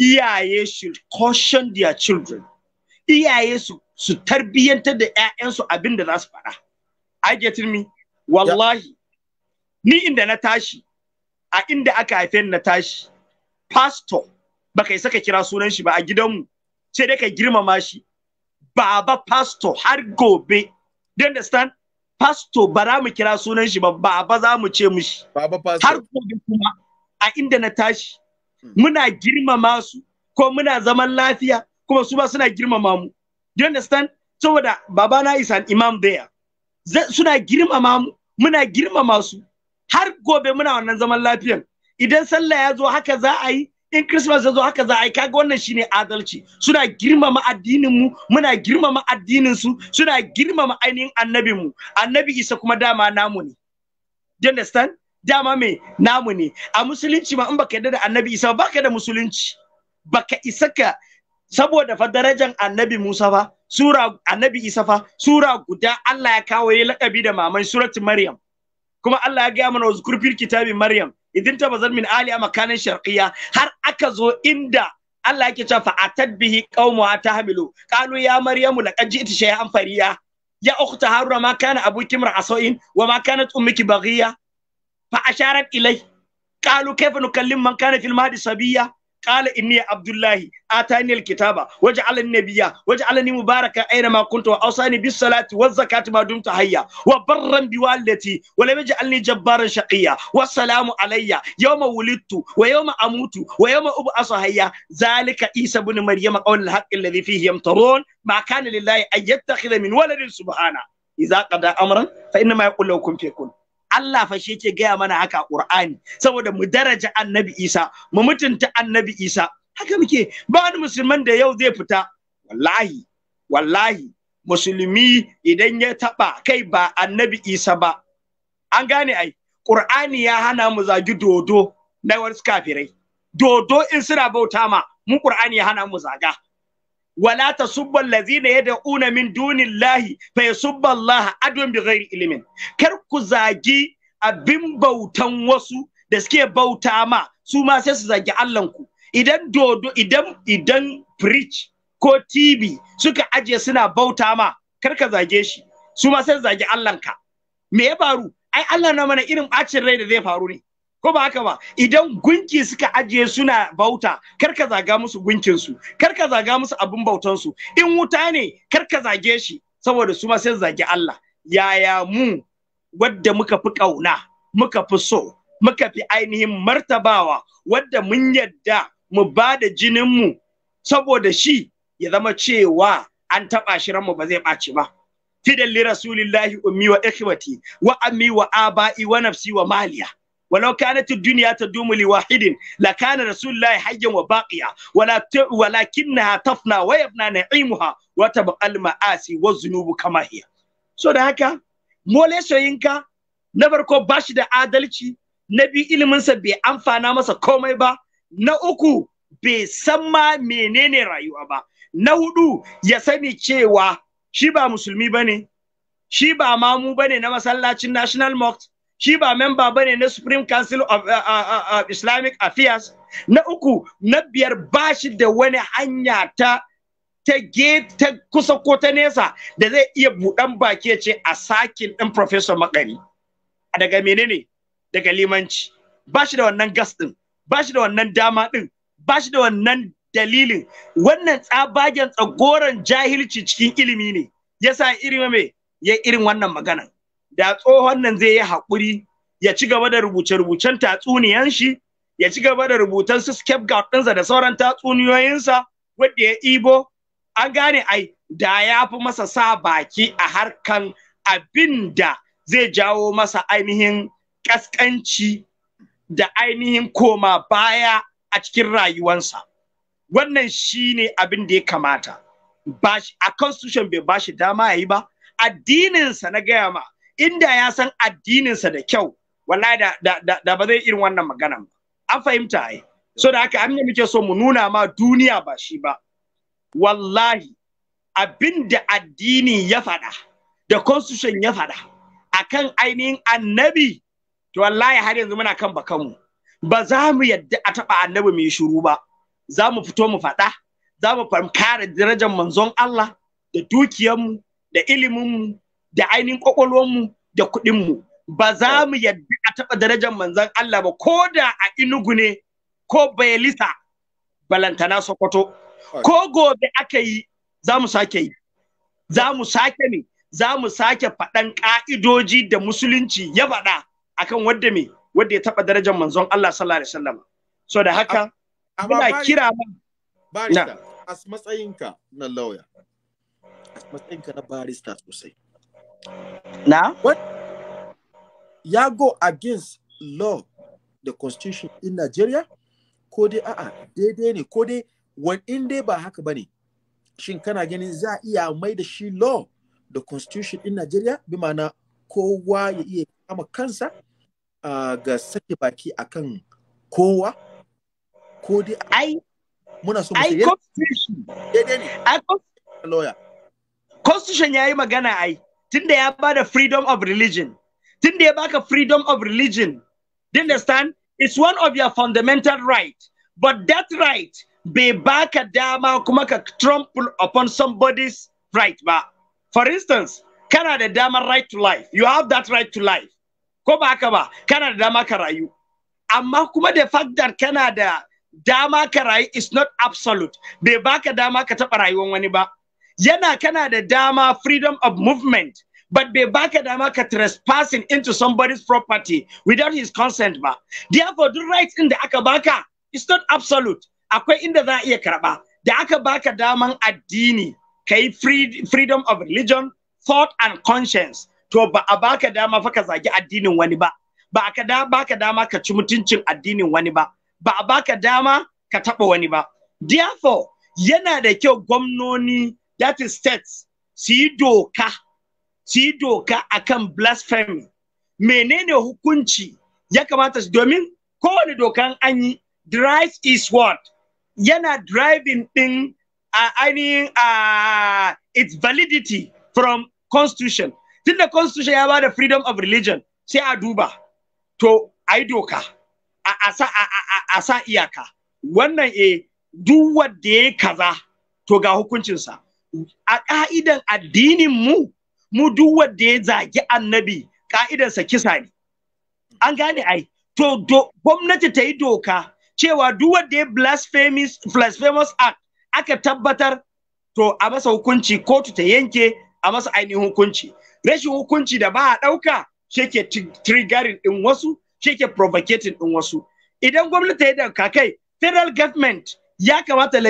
EIA should caution their children. Iyaye su, su tarbiyyantar da 'ya'yansu abin da za su faɗa. I get me? Wallahi, ni in the tashi, a in the haife ni na pastor baka isa ka kira sunan shi ba a gidanmu, sai dai ka girmama she, Baba pastor har gobe, do you understand? Fasto ba za mu kira sunan shi ba ba za mu ce mushi har gobe kuma a inda na tashi hmm. muna girmama su ko muna zaman lafiya kuma su ba suna girmama mu you understand saboda babana na isa imam there suna girmama mu muna girmama su har gobe muna wannan zaman lafiyan idan sallah ya zo haka za a yi in Christmas ya zo haka za a yi kaga wannan shine adalci suna girmama addininmu, muna girmama addinin su suna girmama ainihin annabin annabi Isa kuma dama namu ne do you understand dama me namu ne a musulunci ma in baka yarda da annabi Isa Ba baka da musulunci baka isa ka saboda fa darajar annabi Musa fa sura annabi Isa fa sura guda Allah ya kawo ya lakabi da maman suratul Maryam kuma Allah ya ga mana uzkur fil kitabi Maryam idin ta bazar min ali a makanin sharqiyya har aka zo inda Allah yake cewa fa'atad bihi qaumuha tahmilu qalu ya maryamu laqad ji'ti shay'an fariya ya ukhta haruna ma kana abuki mar'asoin wa ma kanat ummuki baghiya fa asharat ilai qalu kayfa nukallim man kana fil mahdi sabiya qala inniya abdullahi Kitaba, waje alkitaba waj'ala waje Alani mubaraka aina Makunta, kuntu wa awsani bis salati waz zakati ma dumtu hayya wa barran bi walidati wa lam yaj'alni jabbaran shaqiyya wassalamu alayya yawma wulidtu wa yawma amutu wa yawma ub'asu hayya zalika isa ibn maryama qawl alhaq alladhi yamtaron, yamtarun ma kana lillahi an yattakhidha min waladin subhana idza qada amran fa inma yaqulu lahu kun fayakun Allah fa shi yake gaya mana haka Qur'ani saboda mu daraja Annabi Isa mu mutunta Annabi Isa haka muke ba wani musulman da yau zai fita wallahi wallahi musulmi idan ya taba kai ba Annabi Isa ba an gane ai Qur'ani ya hana mu zagi dodo na wasu kafirai dodo in suna bauta ma mu Qur'ani ya hana mu zaga wala na allazina yad'una min dunillahi fa yasubbu laha, adon bighairi ilimin. kar ku zagi abin bautan wasu da suke bauta ma su ma sai su zagi allanku. idan dodo idan idan preach ko TV suka aje suna bauta ma karka zage shi su ma sai su zagi Allahn me ya faru ai Allah na mana irin bacin rai da zai faru ne ko ba haka ba idan gunki suka ajiye suna bauta kar ka zaga musu gunkin su kar ka zaga musu abin bautan su in wuta ne kar ka zage shi saboda su ma sai zage Allah yaya mu wadda muka fi kauna muka fi so muka fi ainihin martabawa wadda mun yadda mu ba da jinin mu saboda shi ya zama cewa an taɓa shi ranmu ba zai ɓaci ba. Fidan li rasulillahi ummi wa ikhwati wa ammi wa aba'i wa nafsi wa maliya. ولو كانت الدنيا تدوم لواحد لكان رسول الله حيا وباقيا ولا ولكنها تفنى ويفنى نعيمها وتبقى المآسي والذنوب كما هي so da haka mole soyinka na farko bashi da adalci na biyu iliminsa bai amfana masa komai ba na uku bai san ma menene rayuwa ba na hudu ya sani cewa shi ba musulmi bane shi ba mamu bane na masallacin national mosque shi ba memba bane na Supreme Council of uh, uh, uh, uh, Islamic Affairs na uku na biyar bashi da wani hanya ta ta ta kusa ko ta nesa da zai iya buɗan baki ce a sakin ɗin Professor Makari daga menene daga limanci ba shi da wannan gas ɗin ba shi da wannan dama ɗin ba shi da wannan dalilin wannan tsabagen tsagoran jahilci cikin ilimi ne yasa irin mai ya irin wannan maganan da tsohon nan zai yi haƙuri ya ci gaba da rubuce-rubucen tatsuniyan shi ya ci gaba da rubutan su scapegoat dinsa da sauran tatsuniyoyinsa wanda ya ibo an gane ai da ya fi masa sa baki a harkan abin da zai jawo masa ainihin ƙasƙanci da ainihin koma baya a cikin rayuwansa wannan shi ne abin da ya kamata a constitution bai bashi dama ya yi ba addininsa na gaya ma inda ya san addininsa da kyau wallahi da, da, da, ba zai irin wannan magana ba an fahimta ai so da haka amma muke so mu nuna ma duniya ba shi ba wallahi abinda addini ya faɗa da constitution ya faɗa akan ainihin annabi to wallahi har yanzu muna kan bakanmu ba za mu yadda a taɓa annabi mu yi shiru ba za mu fito mu faɗa za mu kare darajar manzon Allah da dukiyarmu da iliminmu da ainihin kwakwalwarmu da kuɗinmu ba za mu yadda a taɓa darajar manzan Allah ba ko da a inugu ne ko bayelisa balantana sokoto ko gobe aka yi za mu sake yi za mu sake ne za mu sake faɗan ƙa'idoji da musulunci ya faɗa akan wadda me wadda ya taɓa darajar manzon Allah sallallahu alaihi wasallam so da haka muna kira barista as matsayinka na lawyer as matsayinka na barista sosai Now? What? Ya go against law da constitution in Nigeria? Ko dai a'a daidai ne ko dai wani in dai ba haka ba ne. Shin kana ganin za a iya mai da shi law da constitution in Nigeria bi ma'ana kowa ya iya kama kansa ga sake baki akan kowa ko dai ai muna so ai constitution daidai ne ai lawyer ya yi magana ai tunda ya bada freedom of religion tunda ya baka freedom of religion do you understand it's one of your fundamental right but that right bai baka dama kuma ka trample upon somebody's right ba for instance kana da damar right to life you have that right to life ko ba haka ba kana da dama ka rayu amma kuma the fact that kana da dama ka rayu is not absolute bai baka dama ka taɓa rayuwan wani ba yana kana da dama freedom of movement but bai baka dama ka trespassing into somebody's property without his consent ba therefore duk right in da aka baka is not absolute akwai inda za a iya karɓa. da aka baka daman addini kai free, freedom of religion thought and conscience to ba a baka dama fa ka zagi addinin wani ba ba ka baka dama ka ci mutuncin addinin wani ba ba a baka dama ka taɓa wani ba therefore yana da kyau gwamnoni that is states su yi doka su yi doka akan blasphemy menene hukunci ya kamata su domin kowane dokan an yi drive is what yana driving din a ainihin its validity from constitution da constitution ya ba da freedom of religion sai a duba to a doka a sa iyaka wannan e duk wanda ya kaza to ga hukuncinsa a ka'idan addinin mu mu duk wanda ya zagi annabi ka'idarsa kisa ne an gane ai to gwamnati ta yi doka cewa duk wanda ya blasphemous blasphemous act aka tabbatar to a masa hukunci kotu ta yanke a masa ainihin hukunci rashin hukunci da ba a ɗauka shi ke triggering ɗin wasu shi provocating ɗin wasu idan gwamnati ta yi doka kai federal government ya kamata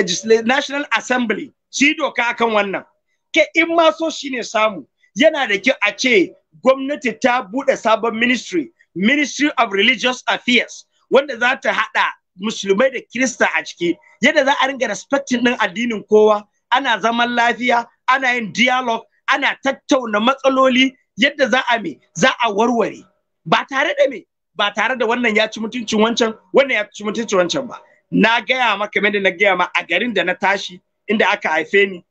national assembly su yi doka akan wannan ke in ma so shine samu yana da kyau a ce gwamnati ta buɗe sabon ministry ministry of religious affairs wanda za ta haɗa musulmai da kirista a ciki yadda za a ringa respecting ɗin addinin kowa ana zaman lafiya ana yin dialogue ana tattauna matsaloli yadda za a me za a warware ba tare da me ba tare da wannan ya ci mutuncin wancan wannan ya ci mutuncin wancan ba na gaya maka da na gaya ma a garin da na tashi inda aka haife ni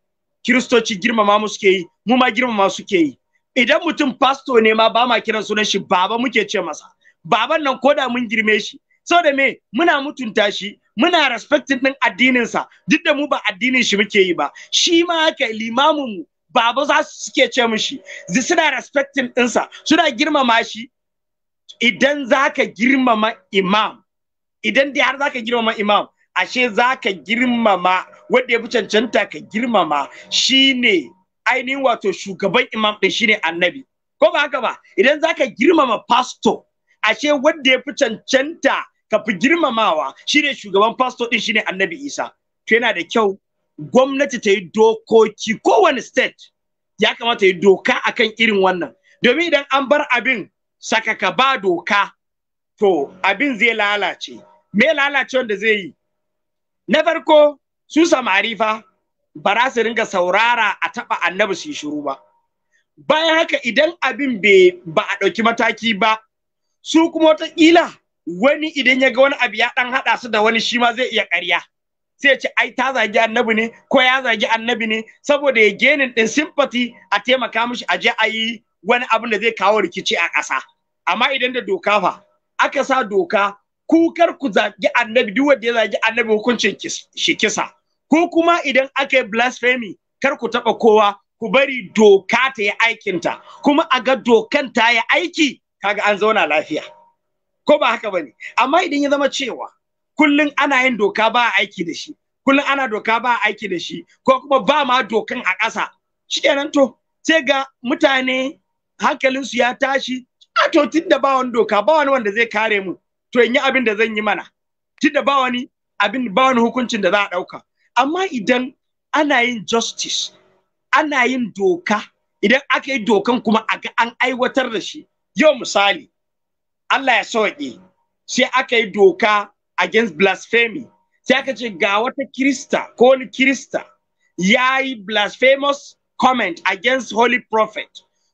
kiristoci girmama mu suke yi mu ma girmama suke yi idan mutum pasto ne ma ba ma kiran sunan shi baba muke ce masa baban nan koda mun girme shi da me muna mutunta shi muna respecting din addinin sa duk da mu ba addinin shi muke yi ba shi ma haka limamin mu baba za su suke ce mishi suna respecting ɗinsa suna girmama shi idan zaka girmama imam idan dai har zaka girmama imam ashe zaka girmama wanda ya fi cancanta ka girmama shine ainihin wato shugaban imam ɗin shine annabi ko ba haka ba idan za ka girmama pasto ashe wanda ya fi cancanta ka fi girmamawa shine shugaban fasto ɗin shine annabi isa to yana da kyau gwamnati ta yi dokoki kowane state ya kamata yi doka akan irin wannan domin idan an bar abin saka ka ba doka to abin zai lalace me lalace wanda zai yi na farko su samari fa ba za su ringa saurara a taɓa annabi su yi shiru ba bayan haka idan abin ba a ɗauki mataki ba su kuma wataƙila wani idan ya ga wani abu ya ɗan haɗa su da wani shi ma zai iya ƙarya sai ya ce ai ta zagi annabi ne ko ya zagi annabi ne saboda ya genin ɗin sympathy a taimaka mishi a je a yi wani abin da zai kawo rikici a ƙasa amma idan da doka fa aka sa doka kukar ku zagi annabi duk wanda ya zagi annabi hukuncin shi kisa Ko kuma idan aka yi blasphemy kar ku taɓa kowa ku bari doka ta yi aikinta kuma a ga dokan ta yi aiki kaga an zauna lafiya. Ko ba haka bane amma idan ya zama cewa kullum ana yin doka ba aiki da shi kullum ana doka ba aiki da shi ko kuma ba ma dokan a ƙasa shi kenan to sai ga mutane hankalinsu ya tashi a to tunda ba wani doka ba wani wanda zai kare mu to in yi abin da zan yi mana tunda ba wani abin ba wani hukuncin da za a ɗauka amma idan ana yin justice ana yin doka idan aka yi dokan kuma a an aiwatar da shi yau misali Allah ya sauke sai aka yi doka against blasphemy sai aka ce ga wata kirista ko wani kirista ya yi blasphemous comment against holy prophet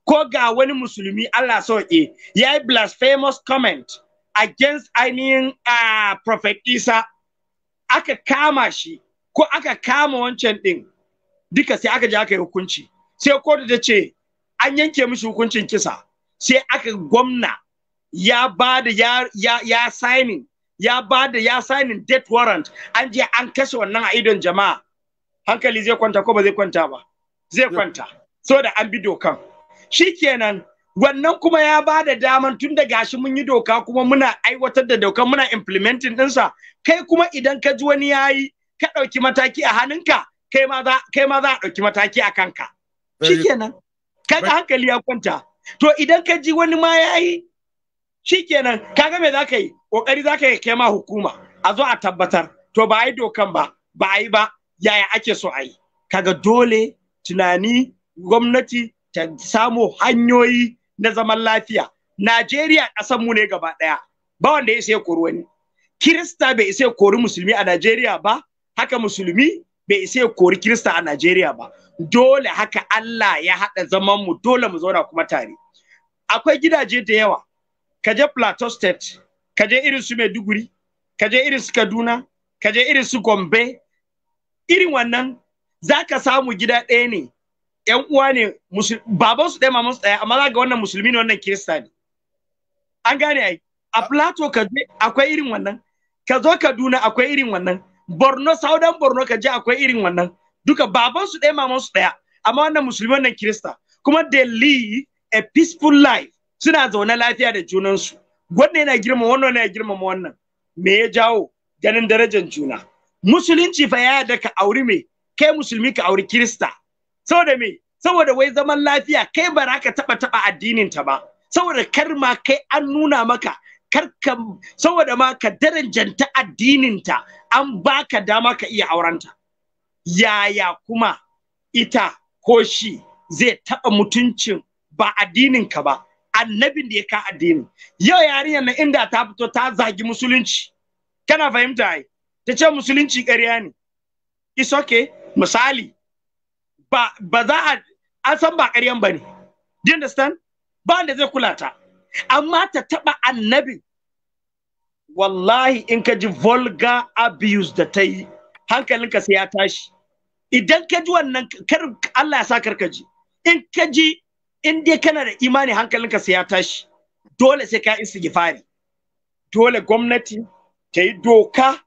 ko ga wani musulmi Allah ya sauke ya yi blasphemous comment against ainihin uh, prophet isa aka kama shi ko aka kama wancan ɗin, duka sai aka je aka yi hukunci sai kotu ta ce an yanke mishi hukuncin kisa sai aka gwamna ya ba da ya ya ya signing ya ba da ya signing death warrant an je an kashe wannan a idon jama'a hankali zai kwanta ko ba zai kwanta ba zai kwanta so da an bi dokan Shi kenan wannan kuma ya ba da daman tun da gashi mun yi doka kuma muna aiwatar da dokan muna implementing ɗinsa, kai kuma idan ka ji wani yayi ka ɗauki mataki a hannunka kai ma za a ɗauki mataki a kanka shikenan kaga hankali ya kwanta to idan ka ji wani ma ya yayi shikenan kaga me za ka yi kokari za ka yi kai ma hukuma a zo a tabbatar to ba a yi dokan ba ba a yi ba yaya ake so a yi kaga dole tunani gwamnati ta samu hanyoyi na zaman lafiya Najeriya ƙasan mu ne gaba ɗaya ba wanda ya sai kori wani Kirista bai isa kori musulmi a Najeriya ba haka musulmi bai isa ya kori kirista a Najeriya ba dole haka Allah ya haɗa zaman mu dole mu zauna kuma tare akwai gidaje da yawa kaje Plateau State kaje irin su Maiduguri kaje irin su Kaduna kaje irin su Gombe irin wannan zaka samu gida ɗaya ne yan uwa ne baban su ɗaya maman su ɗaya amma za ga wannan musulmi ne wannan kirista ne an gane ai a Plateau kaje akwai irin wannan ka zo Kaduna akwai irin wannan borno saudan borno ka ji akwai irin wannan duka baban su ɗaya maman su ɗaya amma wannan musulman wannan kirista kuma they live a peaceful life suna zaune lafiya da junansu wannan yana girma wannan yana girma wannan me ya jawo ganin darajar juna musulunci fa ya yarda ka auri me kai musulmi ka auri kirista saboda me saboda wai zaman lafiya kai ba za ka taba taba addinin ta ba saboda kar ma kai an nuna maka kar saboda ma ka darajanta addinin ta an baka dama ka iya aurenta yaya kuma ita ko shi zai taɓa mutuncin ba addinin ka ba annabin da ya ka addini yau yarinyar na inda ta fito ta zagi musulunci kana fahimta ai ta ce musulunci ƙarya ne is okay misali ba ba za a an san ba ƙaryan ba ne do you understand ba wanda zai kula ta amma ta taɓa annabin wallahi in ka ji vulgar abuse da ta yi hankalinka sai ya tashi idan ka ji wannan kar Allah ya sa karka ji in ka ji in dai kana da imani hankalinka sai ya tashi dole sai ka istighfari dole gwamnati ta yi doka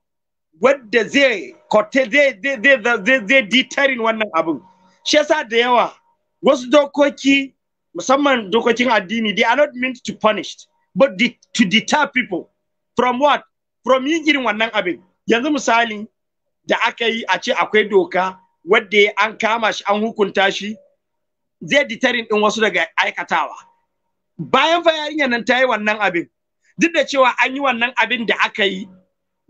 wadda zai kote zai zai zai wannan abin shi yasa da yawa wasu dokoki musamman dokokin addini they are not meant to punish but to deter people from what from yin irin wannan abin yanzu misali da aka yi a ce akwai doka wadda an kama shi an hukunta shi zai ditarin din wasu daga aikatawa bayan fa yarinyar nan ta yi wannan abin duk da cewa an yi wannan abin da aka yi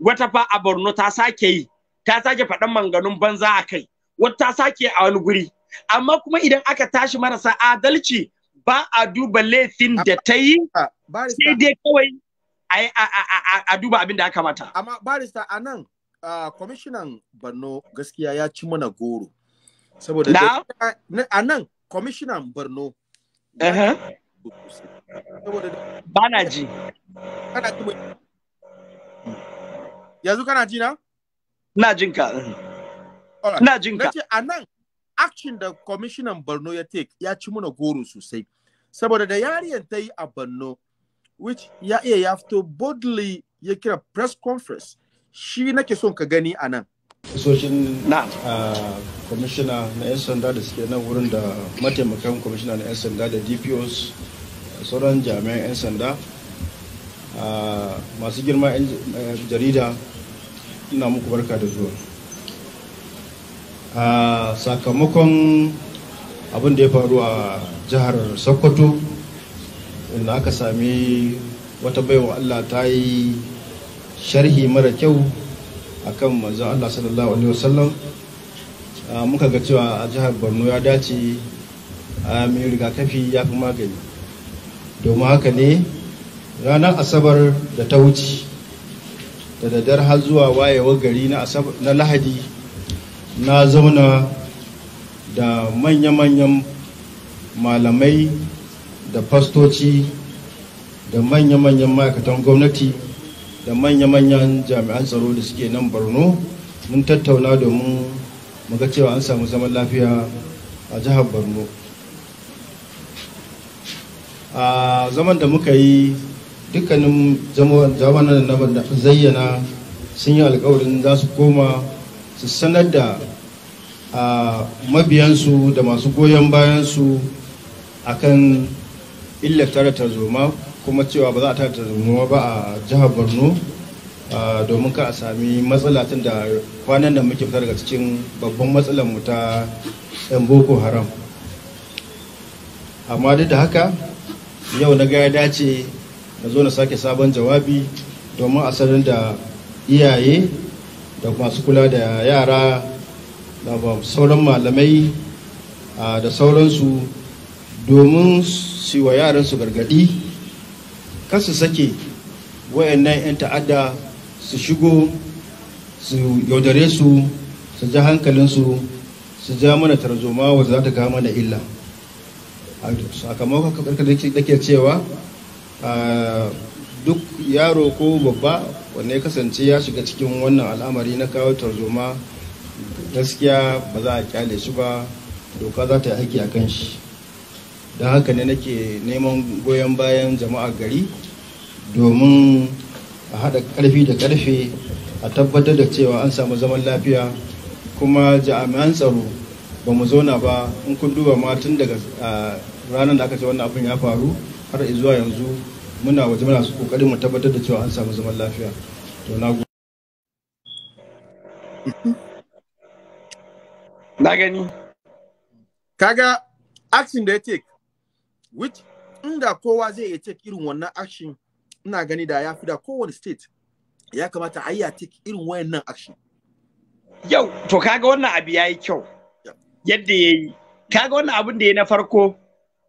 wata fa a Borno ta sake yi ta sake faɗan manganun banza a kai wata ta sake a wani guri amma kuma idan aka tashi marasa adalci ba a duba laifin da ta yi sai dai kawai a duba abin da ya kamata amma barista a nan kwamishinan borno gaskiya ya ci mana goro saboda a nan kwamishinan borno bana ji yanzu kana ji na na jin ka na jin ka a nan action da kwamishinan borno ya take ya ci mana goro sosai saboda da yariyan ta yi a borno which ya iya ya fito boldly ya kira press conference shi nake son ka gani a nan. Sosin na ah, kwamishina na 'yan sanda da suke nan wurin da mataimakan kwamishina na 'yan sanda da DPOs sauran jami'an 'yan sanda ah, masu girma 'yan eh, jarida ina muku barka da zuwa. Ah, sakamakon abin da ya faru a jihar Sokoto inda aka sami wata baiwa Allah ta yi sharhi mara kyau a kan manzon Allah sallallahu alaihi wasallam ah, muka ga cewa a jihar Borno ya dace a mai rigakafi ya fi magani domin haka ne ranar asabar da ta wuce da daddar har zuwa wayewar gari na lahadi na zauna da manya-manyan malamai da fastoci da manya-manyan ma'aikatan gwamnati da manya-manyan jami'an tsaro da suke nan borno mun tattauna domin muga cewa an samu zaman lafiya a jihar borno a zaman da muka yi dukkanin zamanin na zayyana sun yi alkawarin za su koma su sanar da mabiyansu da masu goyon bayansu akan ta tara tarzoma kuma cewa ba za a tara tarzoma ba a jihar borno domin ka a sami matsala tun da kwanan da muke fitar daga cikin babban matsalar mu ta yan boko haram amma duk da haka yau na ga ya dace na zo na sake sabon jawabi domin a sanar da iyaye da masu kula da yara da sauran malamai da sauransu domin su wa yaran su gargaɗi kasu sake wayannan 'yan ta'adda su shigo su yaudare su su ja hankalinsu su ja mana tarzoma wadda za ta ga mana illa sakamakon karkar da ke cewa duk yaro ko babba wanne kasance ya shiga cikin wannan al'amari na kawo tarzoma gaskiya ba za a kyale shi ba doka za ta yi haƙƙi a kan shi don haka ne nake neman goyon bayan jama'a gari domin a haɗa ƙarfi da ƙarfe a tabbatar da cewa an samu zaman lafiya kuma jami'an tsaro ba mu zauna ba in kun duba ma tun daga ranar da aka ce wannan abin ya faru har zuwa yanzu muna waje muna kokarin mu tabbatar da cewa an samu zaman lafiya to na na gani kaga action da ya take which inda kowa zai iya take irin wannan action ina gani da ya fi da kowane state ya kamata a iya take irin wayannan action yau to kaga wannan abu yayi kyau yadda yayi kaga wannan abun da ya na farko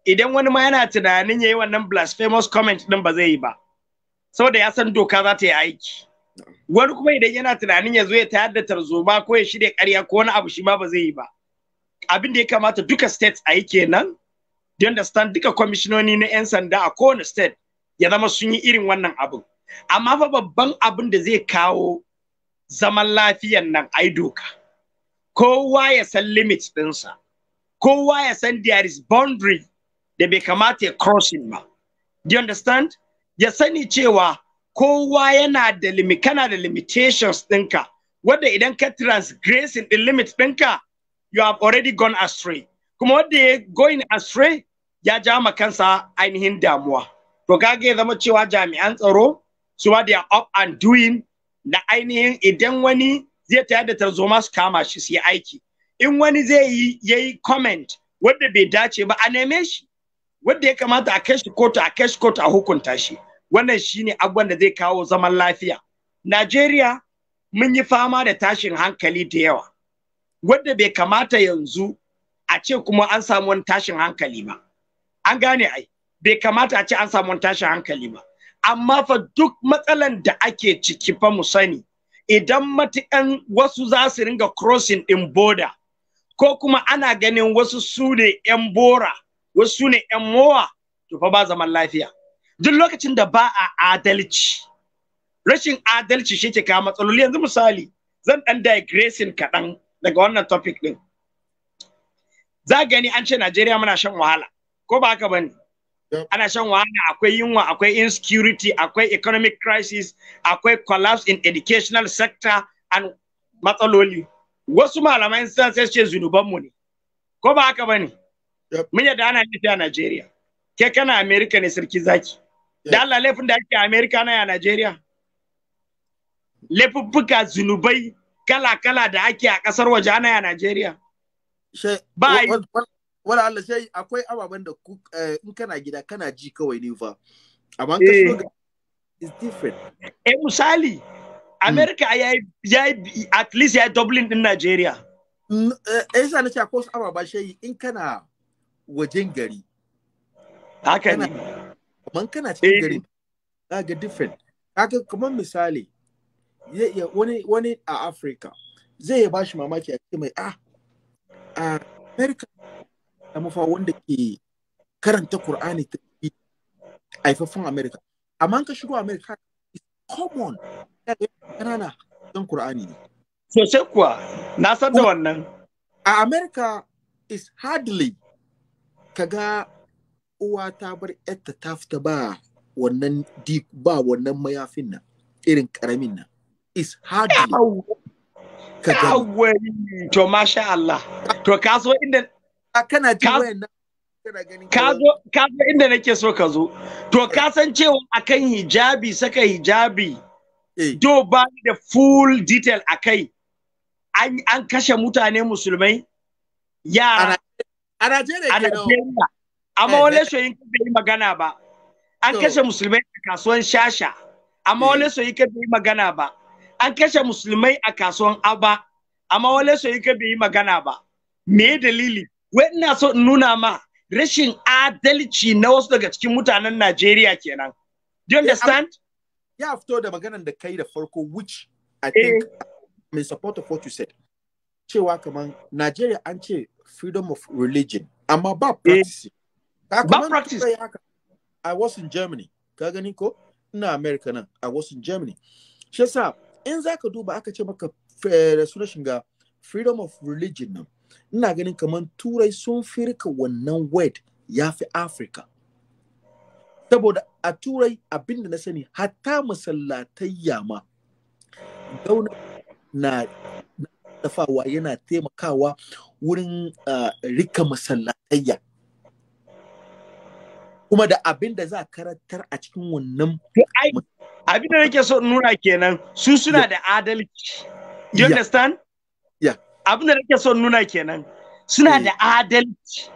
idan wani ma yana tunanin yayi wannan blasphemous comment din ba zai yi ba saboda ya san doka za ta yi aiki wani kuma idan yana tunanin ya zo ya tayar da tarzoma ko ya shirya ƙarya ko wani abu shi ma ba zai yi ba abin da ya kamata duka states a yi kenan do understand duka kwamishinoni na 'yan sanda a kowane state ya zama sun yi irin wannan abin amma fa babban abin da zai kawo zaman lafiyan nan ai doka kowa ya san limit ɗinsa kowa ya san there is boundary da bai kamata ya crossing ba do you understand ya sani cewa kowa yana da limit kana da limitations ɗinka wanda idan ka transgressing the limit ɗinka you have already gone astray kuma wanda ya going astray ya ja ma kansa ainihin damuwa to kage zama cewa jami'an tsaro su ma da up and doing na ainihin idan wani zai tayar da tarzoma su kama shi su yi aiki in wani zai yi ya yi comment wanda bai dace ba a neme shi wanda ya kamata a kai kotu a kai kotu a hukunta shi wannan shi ne abubuwan da zai kawo zaman lafiya Najeriya mun yi fama da tashin hankali da yawa wanda bai kamata yanzu a ce kuma an samu wani tashin hankali ba an gane ai bai kamata a ce an samu wani tashin hankali ba amma fa duk matsalan da ake ciki fa mu sani idan matuƙan wasu za su ringa crossing ɗin border ko kuma ana ganin wasu su ne yan bora wasu su ne yan mowa to fa ba zaman lafiya duk lokacin da ba a adalci rashin adalci shi ke kawo matsaloli yanzu misali zan ɗan digressing kaɗan daga wannan topic ɗin. za gani an ce Najeriya muna shan wahala ko ba haka bane ana shan wahala akwai yunwa akwai insecurity akwai economic crisis akwai collapse in educational sector and matsaloli wasu malamai sun sai ce zunuban mu ne ko ba haka bane mun yadda ana yi a Najeriya ke kana America ne sarki zaki da Allah laifin da ake a America na ya Najeriya laifuffuka zunubai kala-kala da ake a kasar waje ana ya Najeriya ba wala Allah sai akwai ababen da eh, in kana gida kana ji kawai ne fa amma ka eh. shigo is different eh misali hmm. America ya yi at least ya yi Dublin din Nigeria mm, eh, eh yasa nace akwai wasu ababa shayi in kana wajen gari haka ne kaman kana cikin gari ga different kaga kaman misali wani wani a Africa zai ya bashi mamaki a ce mai ah a america samu fa wanda ke karanta qur'ani ta haifafin america amma ka shigo america it's common kanana don kur'ani ne sosai kuwa na san da wannan a america is hardly kaga uwa ta bar yadda ta fita ba wannan ba wannan mayafin nan irin karamin nan is hardly ka gani to masha Allah to ka zo inda ah, kana ji wayannan ka zo inda nake so ka zo to ka eh. san cewa akan hijabi saka hijabi to eh. ba ni da full detail akai an an kashe mutane musulmai yara a Najeriya amma eh, wale so yin kada yi magana ba an kashe musulmai a kasuwan shasha amma wale so yin kada yi magana ba an kashe musulmai a kasuwan aba amma wale so yi bai yi magana ba me dalili wai ina so in nuna ma rashin adalci na wasu daga cikin mutanen Najeriya kenan do you understand ya fito da maganan da kai da farko which i eh. think may support of what you said cewa kaman Najeriya an ce freedom of religion amma ba eh. practice ba practice i was in germany ka gani ko ina america nan i was in germany shi yasa in za ka duba aka ce maka eh, sunan shiga freedom of religion nan ina ganin kamar turai sun firka wannan word ya fi afirka saboda a turai abinda na sani hatta masallatai yama gauna na tafawa yana taimakawa wurin ah, rika masallatayya kuma da abinda za a karantar a cikin wannan abin da nake so nuna kenan su suna da adalci do you understand yeah abin da nake so nuna kenan suna eh. da adalci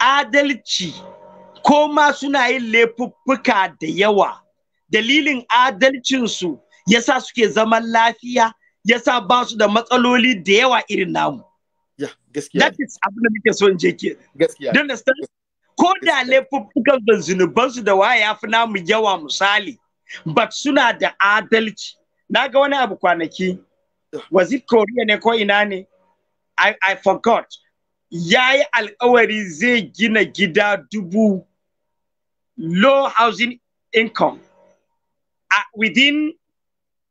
adalci ko ma suna yin laifuffuka da yawa dalilin adalcinsu yasa suke zaman lafiya yasa ba su da matsaloli da yawa irin namu gaskiya that is abin da muke so in je ke gaskiya do you understand ko da laifuffukan zunubansu da waya ya fi namu yawa misali but suna da adalci na ga wani abu kwanaki was it korea ne ko ina ne I, I forgot ya yi alkawari zai gina gida dubu low housing income uh, within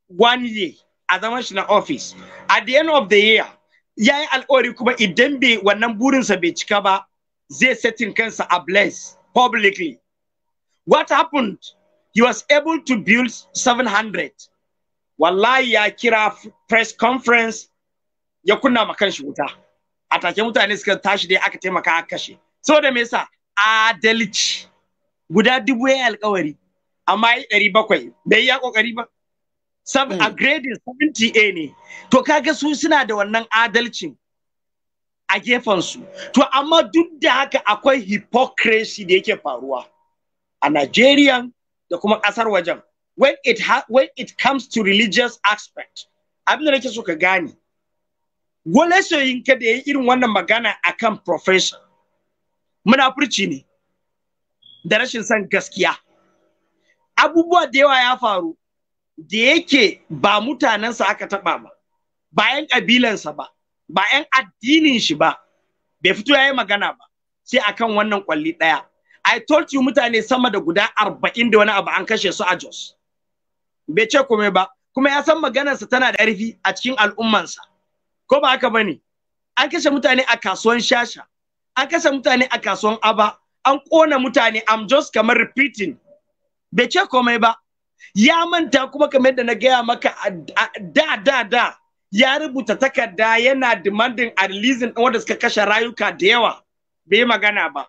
one year a zaman shi na office at the end of the year ya yi alkawari kuma idan bai wannan burinsa bai cika ba zai setin kansa a bless publicly what happened he was able to build 700 wallahi ya kira press conference ya kunna ma kanshi wuta a take mutane suka tashi dai aka taimaka aka kashe saboda me yasa adalci guda dubu ya alkawari amma ya ɗari bakwai bai ya kokari ba sab a grading 70a ne to kaga su suna da wannan adalcin a gefensu to amma duk da haka akwai hypocrisy da yake faruwa a Nigerian da kuma ƙasar wajen when it when it comes to religious aspect abin da nake so ka gane wale soyin ka da yayi irin wannan magana akan profession munafurci ne da rashin san gaskiya abubuwa da yawa ya faru da yake ba mutanensa aka taɓa ba ba 'yan ƙabilansa ba ba 'yan addinin shi ba bai fito ya magana ba sai akan wannan kwalli ɗaya I told you mutane sama da guda arba'in da wani abu an kashe su a Jos. Bai ce kome ba, kuma ya san maganarsa tana da ƙarfi a cikin al'ummansa. Ko ba haka ba ne? An kashe mutane a kasuwan Shasha, an kashe mutane a kasuwan Aba, an ƙona mutane, I'm Jos kamar repeating. Bai ce komai ba, ya manta kuma kamar yadda na gaya maka da da da ya rubuta takarda yana demanding a releasing ɗin wanda suka kashe rayuka da yawa bai magana ba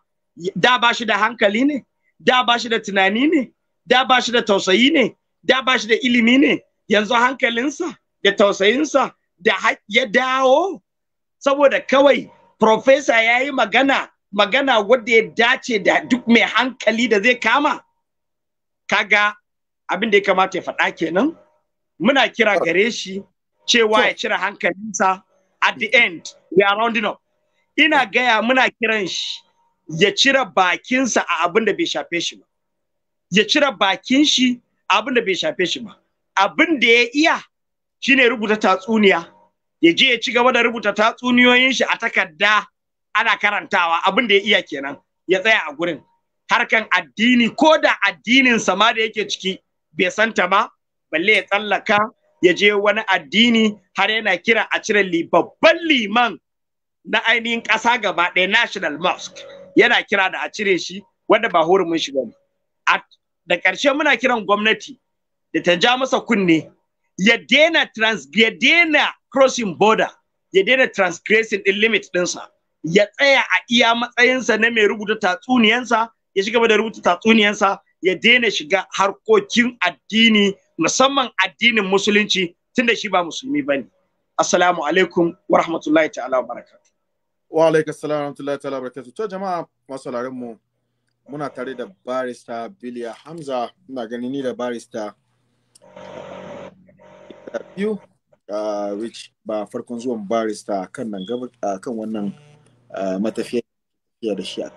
da ba shi da hankali ne da ba shi da tunani ne da ba shi da tausayi ne da ba shi da ilimi ne yanzu hankalinsa da tausayinsa da ya dawo saboda kawai profesa ya yi magana magana wadda ya dace da duk mai hankali da zai kama kaga abin da ya kamata ya faɗa kenan muna kira gare shi cewa ya cire hankalinsa at the end we are rounding up ina gaya muna kiran shi ya cire bakinsa a abin da bai shafe shi ba ya cire bakin shi a abin da bai shafe shi ba abin da ya iya shi ne rubuta tatsuniya ya je ya ci gaba da rubuta tatsuniyoyin shi a takarda ana karantawa abin da ya iya kenan ya tsaya a gurin harkan addini ko da addinin sama da yake ciki bai santa ba balle ya tsallaka ya je wani addini har yana kira a cire babban liman na ainihin ƙasa gaba ɗaya national mosque yana kira da a cire shi wanda ba hurumin shi bane da ƙarshe muna kiran gwamnati da ta ja masa kunne ya daina trans ya daina crossing border ya daina transgressing din limit dinsa ya tsaya a iya matsayinsa na mai rubuta tatsuniyansa ya shiga da rubuta tatsuniyansa ya daina shiga harkokin addini musamman addinin musulunci tunda shi ba musulmi bane assalamu alaikum wa rahmatullahi ta'ala wa barakatuh wa alaikar salam rahmatullahi ta'ala barakatu to jama'a masu sauraron mu muna tare da barista biliya hamza ina gani ni da barista biyu uh, which ba farkon zuwan barista kan nan uh, kan wannan matafiya uh, matafiya da shi a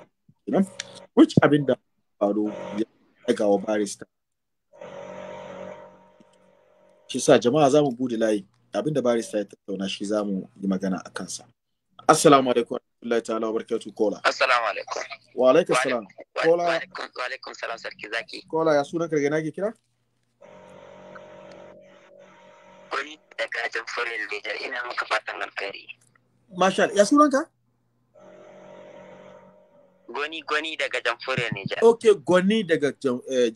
you know? which abin da faru ya daga wa barista shi sa jama'a za mu bude layi abin da barista ya tattauna shi za mu yi magana a kansa Assalamu alaikum ya ta'ala wabarakatuh kola. Assalamu alaikum. Wa alaikum salam. Kola. Wa alaikum salam sarki zaki. Kola ya sunan karge nake kira? Wani daga jamfurin Nijar ina maka fatan alkhairi. Masha ya sunan ka? Goni goni daga jamfurin Nijar. Ok goni daga eh,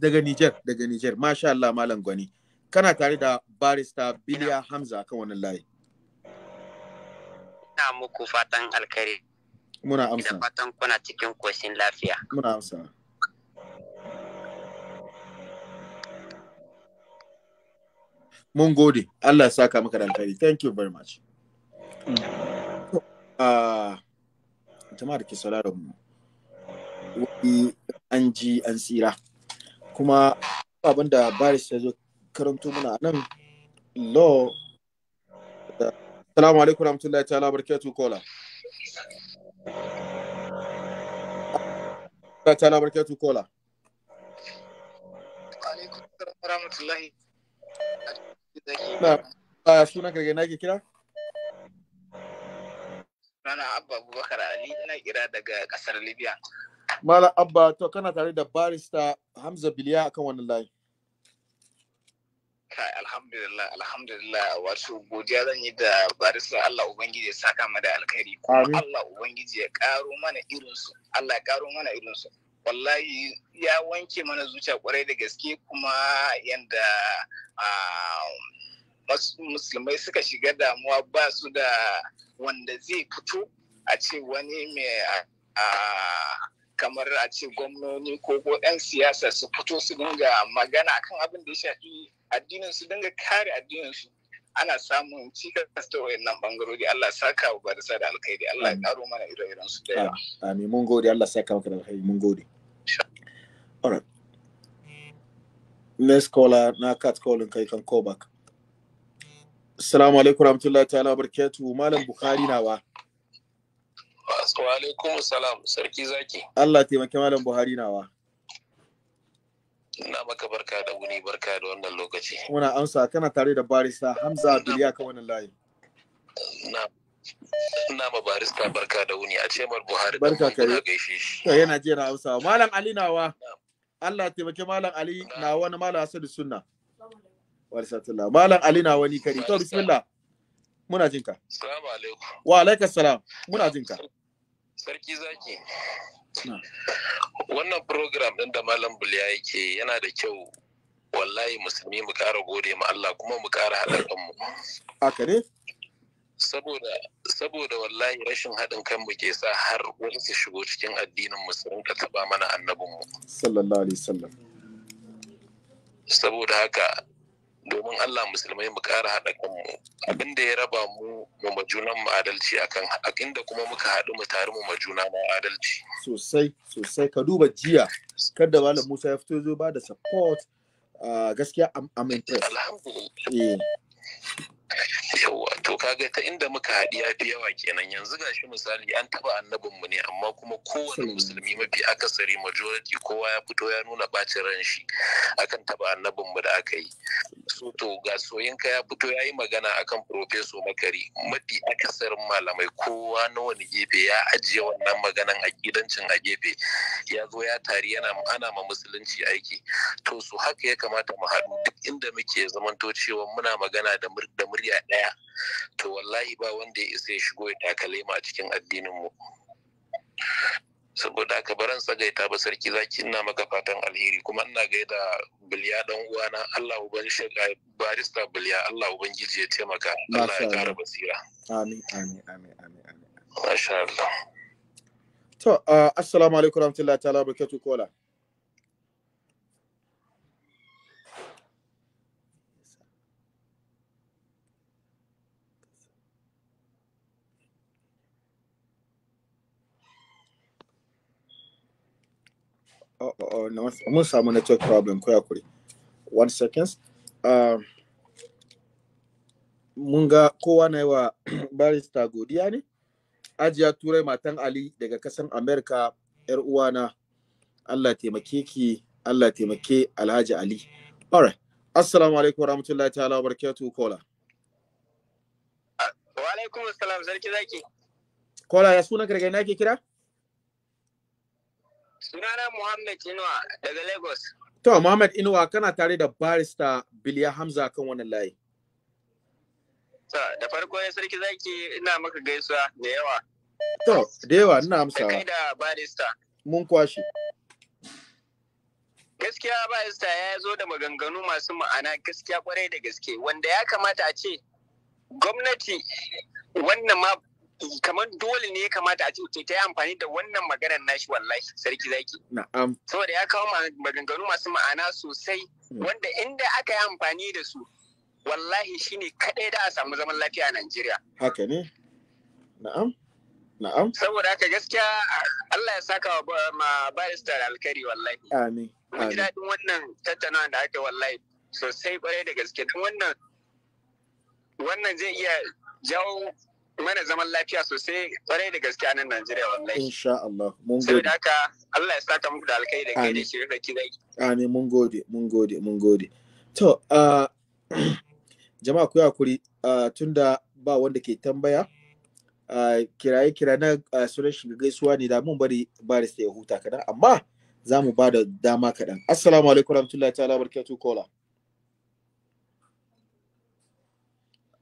daga Nijar daga Niger. masha Allah malam goni. Kana tare da barista Biliya Hamza kan wannan layi. ina muku fatan alkari. Muna amsa. Da fatan kuna cikin koshin lafiya. Muna amsa. Mun gode, Allah ya saka maka da alkhairi. Thank you very much. Ah, jama'a da ke sauraron mu, wani an ji an tsira. Kuma abin da Baris ya zo karanto muna nan, law Salamu alaikum warahmatullahi ta'ala barakatuh kola. Ta'ala barakatuh kola. Na suna karge na ke kira? Rana Abba Abubakar Ali na kira daga kasar Libya. Mala Abba to kana tare da barista Hamza Biliya akan wannan layi. kai alhamdulillah alhamdulillah wato godiya zan yi da barisa Allah ubangiji ya saka mu da alkhairi kuma Allah ubangiji ya karo mana irin su Allah ya karo mana irin su wallahi ya wanke mana zuciya kwarai da gaske kuma yanda ah, musulmai suka shiga damuwa ba su da wanda zai fito a ce wani mai ah, kamar a ce gwamnoni ko ko 'yan siyasa su fito su dinga magana akan abin da ya shafi addinin su dinga kare addinin su ana samun cikas ta nan bangarori Allah saka wa barisa da alkhairi Allah ya karo mana ire-iren su da yawa amin mun gode Allah saka maka da alkhairi mun gode alright next caller na cat calling kai kan call back assalamu alaikum rahmatullahi ta'ala barakatuhu malam bukhari nawa wa alaikum salam sarki zaki Allah taimake malam buhari nawa Na maka barka da wuni barka da wannan lokaci. Muna amsa kana tare da barista Hamza Abdulya kan wannan layi. Na na ma barista barka da wuni a cemar Buhari barka kare. To yana jera amsa. Malam Ali nawa. Allah taimake Malam Ali na wani Malam Asadu Sunna. Barisatullah. Malam Ali na wani kari. To bismillah. Muna jinka. Assalamu alaikum. Wa alaikum salam. Muna jinka. Sarki zaki. wannan program ɗin da malam buliya yake yana da kyau wallahi musulmi mu ƙara gode ma Allah kuma mu ƙara haɗa kanmu haka ne saboda saboda wallahi rashin haɗin kanmu ke sa har wani su shigo cikin addinin musulun ka taɓa mana annabinmu sallallahu alaihi wasallam saboda haka domin Allah musulmai mu kara haɗa kanmu abin da ya raba mu mu majunan mu adalci akan haƙin da kuma muka haɗu mu tare mu majuna mu adalci sosai sosai ka duba jiya kada malam Musa ya fito zo ba da support ah, gaskiya I'm impressed eh. yawa to kaga ta inda muka haɗi ya fi yawa kenan yanzu gashi misali an taɓa annabin mu ne amma kuma kowane musulmi mafi akasari majority kowa ya fito ya nuna bacin ran shi akan taɓa annabin mu da aka yi so to ga soyinka ya fito ya yi magana akan professor makari mafi akasarin malamai kowa na wani gefe ya ajiye wannan maganan akidancin a gefe ya zo ya tari yana ana ma musulunci aiki to su haka ya kamata mu haɗu duk inda muke zamanto cewa muna magana da murya ɗaya to wallahi ba wanda ya isa ya shigo ya takale mu a cikin addinin mu saboda haka baran tsagaita ba sarki zaki ina maka fatan alheri kuma ina gaida biliya dan uwana Allah uban eh, barista biliya Allah uban ubangiji ya taimaka Allah ya kara basira amin amin amin amin amin masha Allah to uh, assalamu alaikum warahmatullahi ta'ala barakatuh kola oh, oh, oh no. mun samu network problem ko yakuri one seconds uh, mun ga kowa na yi wa barista godiya ne ajiya turai matan ali daga kasan america yar uwana allah taimake ki allah taimake alhaji ali alright assalamu alaikum wa rahmatullahi ta'ala wa barakatuhu kola wa alaikum assalam sarki zaki kola ya suna daga ina ke kira Sunana Muhammad Inuwa daga Lagos. To, Muhammad Inuwa kana tare da barista Biliya Hamza kan wannan layi. da farko ya sarki zaki ina maka gaisuwa da yawa. To, da yawa ina amsawa. Kai da barista. Mun kwashi. Gaskiya barista ya zo da maganganu masu ma'ana gaskiya kwarai da gaske wanda ya kamata a ce gwamnati wannan ma kamar dole ne ya kamata a ce mutum ta yi amfani da wannan maganar nashi wallahi sarki zaki. Na'am. Saboda ya kawo maganganu masu ma'ana sosai hmm. wanda inda aka yi amfani da su wallahi shine kadai da a samu zaman lafiya a Najeriya. Haka ne. Na'am. Na'am. Saboda haka gaskiya Allah ya saka wa ma barista alkari wallahi. Amin. Mun ji daɗin wannan tattaunawa da aka wallahi sosai kwarai da gaske wannan wannan zai iya jawo mana zaman lafiya sosai kwarai da gaske nan Najeriya wallahi. Insha Allah. Mun gode. Saboda haka Allah ya saka muku da alkai da kai da shirin da kirai. Amin mun gode mun gode mun gode. To jama'a ku hakuri uh, tunda ba wanda ke tambaya uh, kiraye kira na sunan shiga gaisuwa ne da mun bari bari sai ya huta kadan amma za mu ba da dama kadan. Assalamu alaikum warahmatullahi ta'ala barakatuh kola.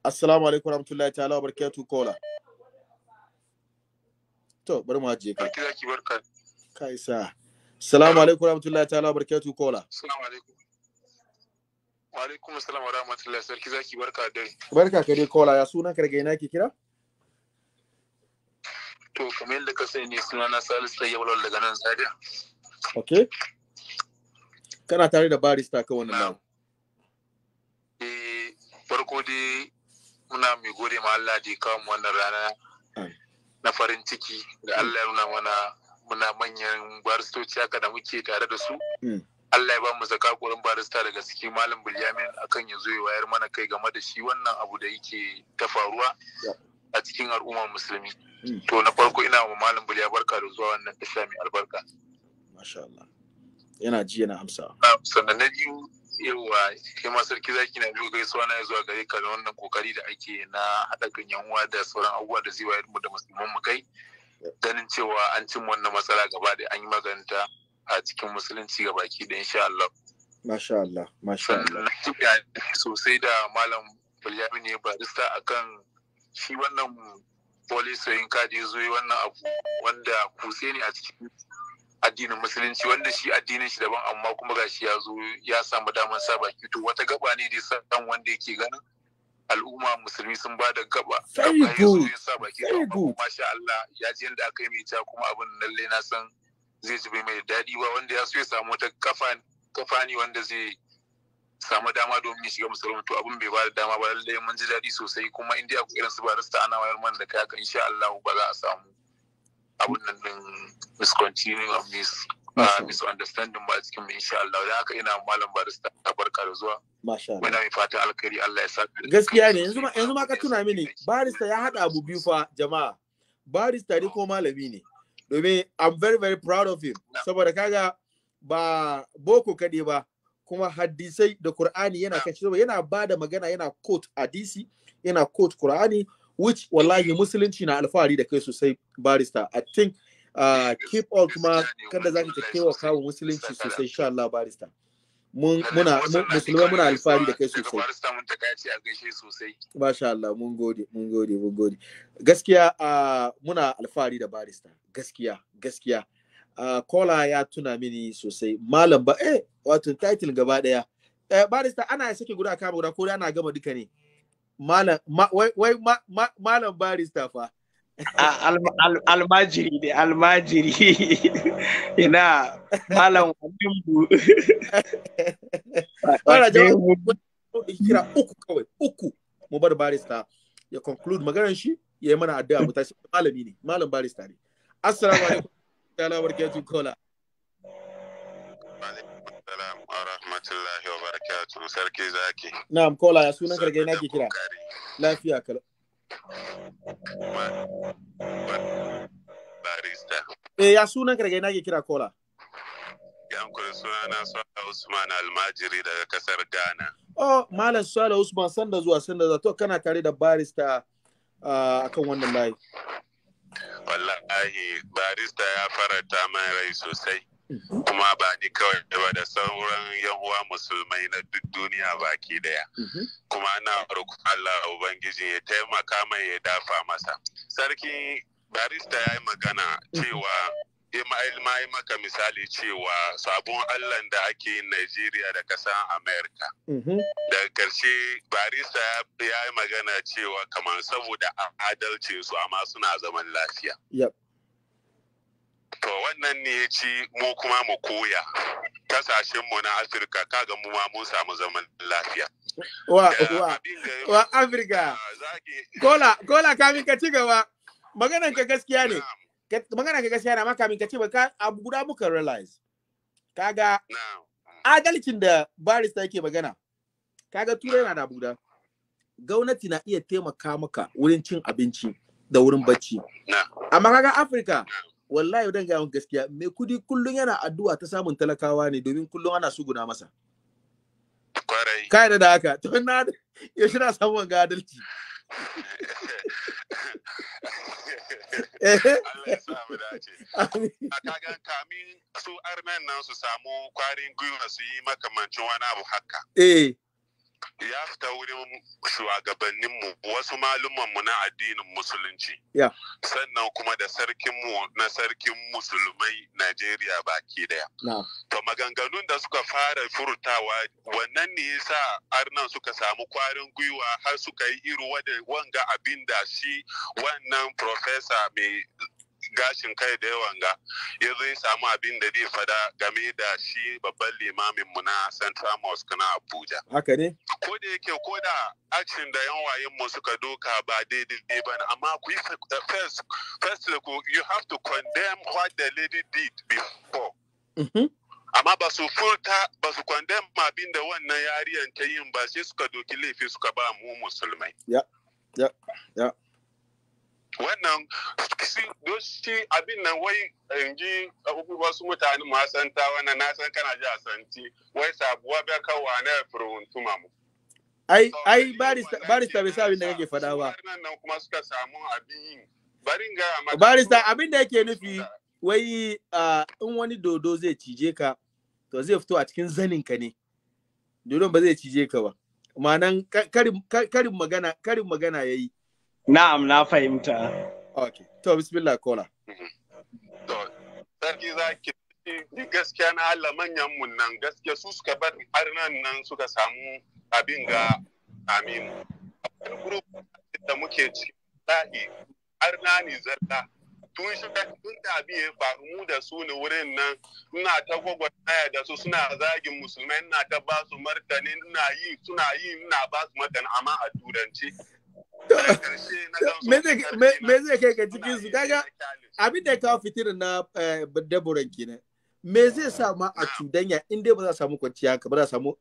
assalamu alaikum warahmatullahi ta'ala barakatuh kola to bari mu ajiye ka zaki barka kai sa assalamu alaikum warahmatullahi ta'ala barakatuh kola assalamu alaikum wa alaikum assalam wa rahmatullahi sarki zaki barka dai barka ka dai kola ya sunan ka daga ina ke kira to kamar yadda ka sani suna na Salisu da Yawalwal daga nan Sadiya. okay kana tare da barista ka wannan nan eh, farko dai muna mai gode ma Allah da ya kawo mu wannan rana na farin ciki da Allah ya nuna mana muna manyan baristoci haka da muke tare da su. Hmm. Allah ya ba mu gurin barista daga cikin Malam Bulyamin akan ya zo ya wayar mana kai game da shi wannan abu da yake ta faruwa a cikin al'ummar musulmi. Hmm. To na farko ina wa Malam Bulya barka da zuwa wannan tasha mai albarka. Masha Allah. Yana ji yana amsa. Sannan na biyu yawa kai ma sarki zaki na biyu gaisuwa na zuwa gare ka da wannan kokari da ake na haɗa kan uwa da sauran abubuwa da zai wayar mu da musulman mu kai ganin cewa an cin wannan matsala gaba da an yi maganta a cikin musulunci ga baki da insha Allah masha Allah masha Allah sosai da malam Bilyamin ne barista akan shi wannan police rayin kadi zo wannan abu wanda kutse ne a cikin addinin musulunci wanda shi addinin shi daban amma kuma gashi ya zo ya samu damar sa baki to wata gaba ne da ya san wanda yake ganin al'umma musulmi sun ba da gaba gaba ya zo ya sa baki amma kuma sha Allah ya ji yadda aka yi mai ta kuma abin lalle na san zai ji mai daɗi ba wanda ya so ya samu wata kafa ne wanda zai samu dama domin shiga musulmi to abin bai ba da dama ba lallai mun ji daɗi sosai kuma in dai akwai irin su barista ana wayar man da kayan insha Allah ba za a samu abin nan din miscontinuing of mis uh, misunderstanding ba cikin mu insha Allah da haka ina malam barista barka da zuwa masha Allah muna mai fatan alkhairi Allah ya sa gaskiya ne yanzu ma yanzu ma ka tuna mini barista ya hada abu biyu fa jama'a barista ne ko malami ne domin I'm very very proud of him saboda kaga ba boko kade ba kuma hadisai da Qur'ani yana kan yana bada magana yana quote hadisi yana quote Qur'ani which wallahi musulunci na alfahari da kai sosai barista i think uh, keep all kuma kada za ka kewa kawo musulunci sosai insha Allah barista mun muna musulmai muna alfahari da kai sosai barista mun ta kaci a gaishe sosai masha Allah mun gode mun gode mun gode gaskiya uh, muna alfahari da barista gaskiya gaskiya uh, kola ya tuna mini sosai malam ba eh wato title gaba daya eh, barista ana sake guda kama guda ko ana gama duka ne malam wai malam barista fa almajiri ne almajiri ina malam wadimbu kira uku kawai uku mu bar barista ya conclude maganar shi ya yi mana addu'a mu tashi malami ne malam barista ne assalamu alaikum ta'ala barkatu kola wa alaikum rahmatullahi wa barakatuhu sarki zaki. Na'am kola ya sunan karge na ke kira. Lafiya kal. Barista. Eh ya sunan karge na ke kira kola. Yankun sunana Sala Usman Almajiri daga kasar Ghana. Oh, Malam Sala Usman sanda zuwa sanda zuwa to kana tare da barista ah, akan wannan layi. Wallahi barista ya faranta mai rai sosai. kuma ba ni kawai ba da sauran yan uwa musulmai na duk duniya baki daya mhm. kuma ana rukun Allah ubangiji ya taimaka mai ya dafa masa sarki barista ya yi magana cewa ma yi maka misali cewa sabon allah da ake yin Najeriya da kasan Amerika. Mhm. Da karshe barista ya yi magana cewa kamar saboda su amma suna zaman lafiya. To wannan ne ya ci mu kuma mu koya kasashenmu na Afirka kaga mu ma mun samu zaman lafiya. Wa, wa, wa Afirka. Kola, kola kamin ka ci gaba. Maganan ka gaskiya ne. Maganan ka gaskiya na kamin ka ci ba ka abu guda muka realize. Kaga adalcin da barista yake magana. Kaga turai yana da abu guda. Gwamnati na iya taimaka maka wurin cin abinci da wurin bacci. Amma kaga Afirka. wallahi dan ga gaskiya mai kudi kullun yana addu'a ta samun talakawa ne domin kullun ana suguna masa kwarai kai da haka to na ya shi samu wanga adalci eh. kamin su armen nan su samu kwarin gwiwa su yi makamancin wani abu haka eh ya fita wurin shugabanninmu wasu malumanmu na addinin musulunci sannan kuma da sarkinmu na sarkin musulmai najeriya baki daya to maganganun da suka fara furtawa wannan ne yasa arnan suka samu kwarin gwiwa har suka yi iru wanga abin da shi wannan profesa mai gashin kai da yawan ga ya zo ya samu abin da zai fada game da shi babban limamin mu na Central Mosque na Abuja. Haka ne? Ko da yake ko da action da yan wayen mu suka doka ba daidai ba ne amma ku first first you have to condemn what the lady did before. Mm-hmm. amma ba su furta ba su condemn abin da wannan yariyan ta yin ba sai suka doki laifi suka ba mu musulmai. Ya, ya, ya. wannan shi abin nan wai in ji wasu mutane ma san ta wannan na san kana ji a santi wai sabuwa bai kawo na furuntuma mu ai ai barista bai sa abin da kake faɗa ba nan kuma suka samu abin yin barin ga barista abin da yake nufi wai in wani dodo zai cije ka to zai fito a cikin zanin ka ne dodon ba zai cije ka ba ma'anan karin magana karin magana yayi Na'am na fahimta. Okay. To bismillah kola. Mhm. To sarki yi gaskiya na Allah manyan mun nan gaskiya su suka bar arnan nan suka samu abin ga aminu. Akwai group da muke cikin lahi arna ne zalla tun shi tun da abin ya faru mu da su ne wurin nan ina ta gwagwarmaya da su suna zagin musulmai ina ta ba su martani ina yi suna yi ina ba su martani amma a turanci me zai kai ka cikin su kaga abin da ya kawo fitirin na eh, deborah kenan me zai sa ma a cudanya in dai ba za a samu kwanciya ka ba za a samu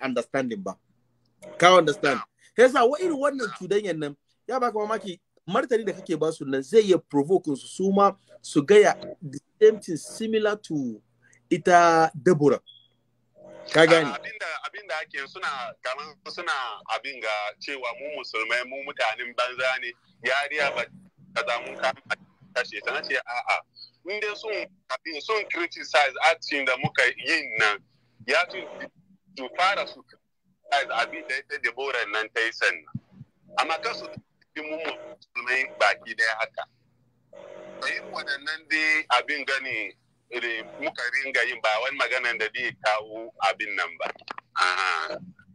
understanding ba ka understand sai sa wa irin wannan cudanyan nan ya baka mamaki martani da kake ba su nan zai iya provoke su su ma su gaya the same thing similar to ita deborah. ka gani abinda abinda ake suna kaman suna abin ga cewa mu musulmai mu mutanen banza ne yariya ba kaza mun kama kashe ta nace a'a in dai sun abin sun criticize action da muka yin nan ya fi su fara su criticize abin da ita Deborah nan ta yi sannan amma kan su mu musulmai baki daya haka yin waɗannan dai abin gani muka ringa yin ba wani magana da zai kawo abin nan ba.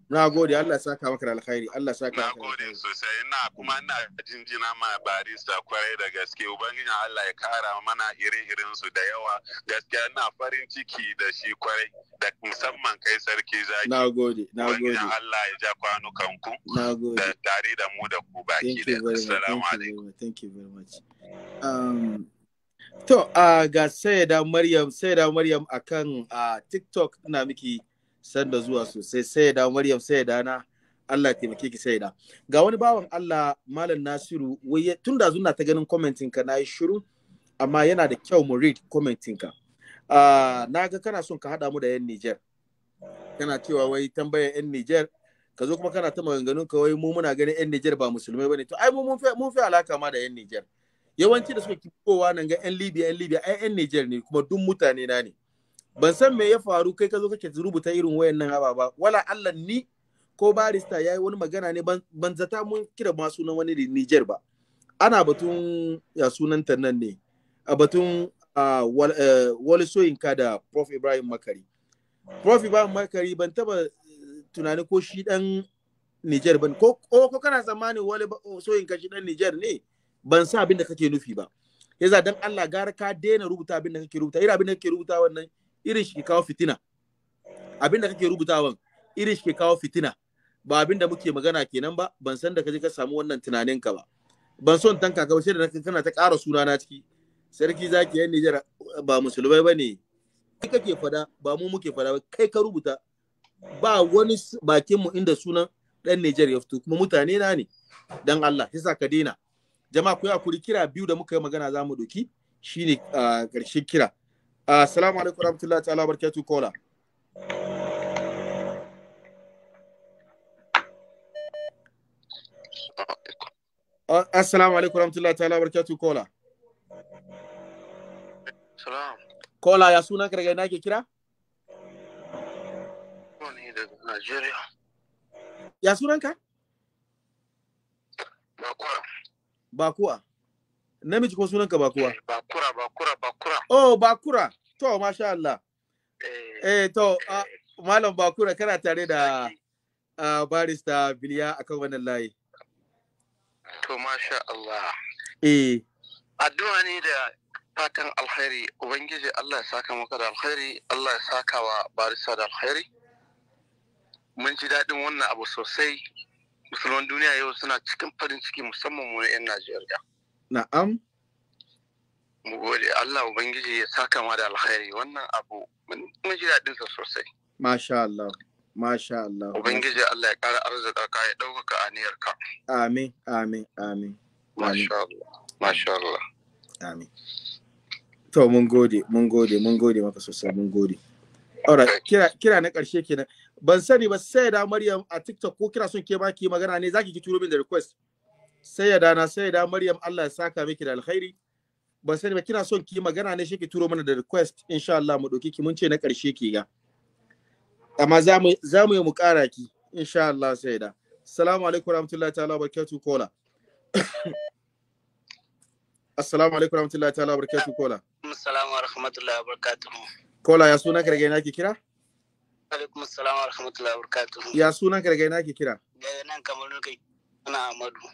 Na gode Allah saka maka da alkhairi Allah saka maka. Na gode sosai ina kuma ina jinjina ma barista kwarai da gaske ubangiji Allah ya kara mana irin-irin su da yawa gaskiya ina farin ciki da shi kwarai da musamman kai sarki zaki. Na gode na gode. Ubangiji Allah ya ja kwanukan ku. Na gode. Da tare da mu da ku baki da. Assalamu alaikum. Thank you very much. Um, To uh, ga da Maryam, da Maryam akan uh, TikTok ina miki sanda zuwa sosai. da Maryam, da na Allah taimake ki da. Ga wani bawan Allah Malam Nasiru, tun da zuna ta ganin commenting na yi shiru, amma yana da kyau mu read commenting ka. Uh, na ga kana son ka haɗa mu da yan nijar Kana cewa wai tambayar yan Nijar? ka zo kuma kana ta maganganun ka wai mu muna ganin yan Nijar ba musulmai ne? To ai mu mun fi alaka ma da yan Nijar. yawanci da suka kowa nan ga 'yan libya 'yan libya 'yan niger ne kuma duk mutane na ne ban san me ya faru kai ka zo kake rubuta irin wayannan haba ba wala allah ni ko barista ya yi wani magana ne ban zata mun kira ma sunan wani da niger ba ana batun ya sunan ta nan ne a batun wali eh, soyinka da prof ibrahim makari prof ibrahim makari ban taba eh, tunani ko shi dan niger ba ko kana tsammanin wali soyinka shi dan niger ne ban sa abin da kake nufi ba yasa dan Allah gara ka daina rubuta abin da kake rubuta irin abin da kake rubuta wannan irin shi ke kawo fitina abin da kake rubutawan irin shi ke kawo fitina ba abin da muke magana kenan ba ban san da kaje ka samu wannan tunanin ka ba ban son tanka ka ba sai da kana ta ƙara suna na ciki sarki zaki yan Nijar ba musulmai bane kai kake fada ba mu muke fada ba kai ka rubuta ba wani bakin mu inda sunan dan Nijar ya fito kuma mutane na ne dan Allah yasa ka daina jama'a ku hakuri kira biyu da muka yi magana za mu doki shine ƙarshen kira assalamu alaikum warahmatullahi ta'ala barkatu kola assalamu alaikum warahmatullahi ta'ala barkatu kola kola ya sunan karga na ke kira Nigeria. Ya sunanka? Makwara. Bakuwa. Namiji ko sunanka Bakuwa? Eh, Bakura, Bakura, Bakura. Oh, Bakura. To, masha Allah. Eh, eh to, eh. Ah, Malam Bakura kana tare da ah, barista Biliya akan wannan layi. To, masha Allah. Eh. Addu'a ne da fatan alkhairi, Ubangiji Allah ya saka maka da alkhairi, Allah ya saka wa barista da alkhairi. Mun ji daɗin wannan abu sosai musulman duniya yau suna cikin farin ciki musamman mu 'yan Najeriya. Na'am. Mu gode Allah Ubangiji ya saka ma da alkhairi wannan abu mun ji daɗinsa sosai. Masha Allah. Masha Allah. Ubangiji Allah ya ƙara arzika ka ya ɗaukaka ka. Amin, amin, amin. Masha Allah. Masha Allah. Amin. To mun gode, mun gode, mun gode maka sosai, mun gode. Alright, kira na ƙarshe kenan. ban sani ba sai da Maryam a TikTok ko kira son ke ba ki magana ne zaki ki turo min da request sai ya dana sai da Maryam Allah ya saka miki da alkhairi ban sani ba kina son ki magana ne shi ki turo mana da request insha Allah mu doki ki mun ce na karshe ki ga amma za mu za mu yi mu kara ki insha Allah sai da assalamu alaikum warahmatullahi ta'ala barakatuh kola assalamu alaikum warahmatullahi ta'ala barakatuh kola assalamu alaikum warahmatullahi wabarakatuh kola ya sunan karge na ki kira alaikum assalam wa rahmatullahi wa ya sunan ka daga ina ke kira daga eh, nan kamaru kai ana amadu